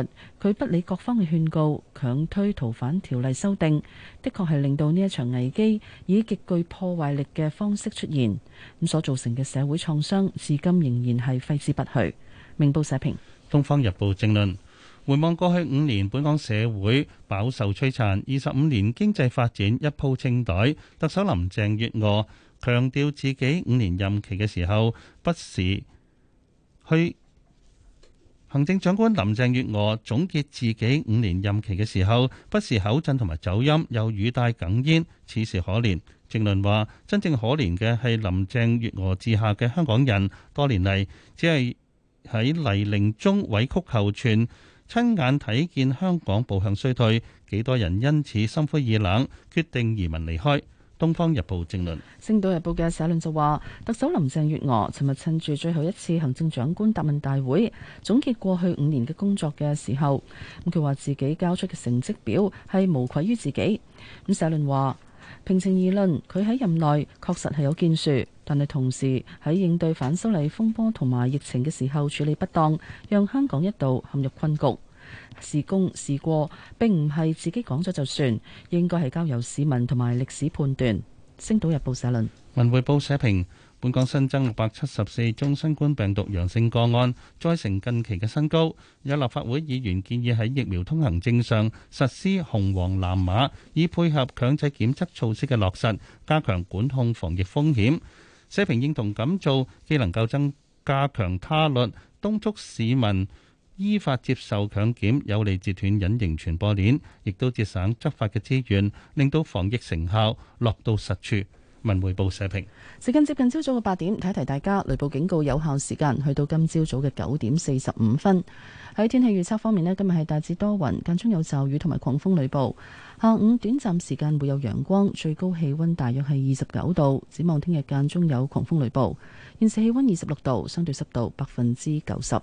佢不理各方嘅勸告，強推逃犯條例修訂，的確係令到呢一場危機以極具破壞力嘅方式出現，咁所造成嘅社會創傷，至今仍然係揮之不去。明報社評，《東方日報》正論回望過去五年，本港社會飽受摧殘；二十五年經濟發展一鋪清袋。特首林鄭月娥強調自己五年任期嘅時候，不時去。行政長官林鄭月娥總結自己五年任期嘅時候，不時口震同埋走音，又語帶哽咽，似是可憐。正論話，真正可憐嘅係林鄭月娥治下嘅香港人，多年嚟只係喺泥濘中委曲求全，親眼睇見香港步向衰退，幾多人因此心灰意冷，決定移民離開。《東方日報》政論，《星島日報》嘅社論就話：特首林鄭月娥尋日趁住最後一次行政長官答問大會，總結過去五年嘅工作嘅時候，咁佢話自己交出嘅成績表係無愧於自己。咁社論話，平情而論，佢喺任內確實係有建樹，但係同時喺應對反修例風波同埋疫情嘅時候處理不當，讓香港一度陷入困局。事功事過並唔係自己講咗就算，應該係交由市民同埋歷史判斷。星島日報社論，文匯報社評：本港新增六百七十四宗新冠病毒陽性個案，再成近期嘅新高。有立法會議員建議喺疫苗通行證上實施紅黃藍碼，以配合強制檢測措施嘅落實，加強管控防疫風險。社評認同咁做，既能夠增加強他律，敦促市民，依法接受強檢，有利截斷隱形傳播鏈，亦都節省執法嘅資源，令到防疫成效落到實處。文匯報社評。時間接近朝早嘅八點，提提大家雷暴警告有效時間去到今朝早嘅九點四十五分。喺天氣預測方面呢，今日係大致多雲，間中有驟雨同埋狂風雷暴。下午短暫時間會有陽光，最高氣温大約係二十九度。展望聽日間中有狂風雷暴。現時氣温二十六度，相對濕度百分之九十。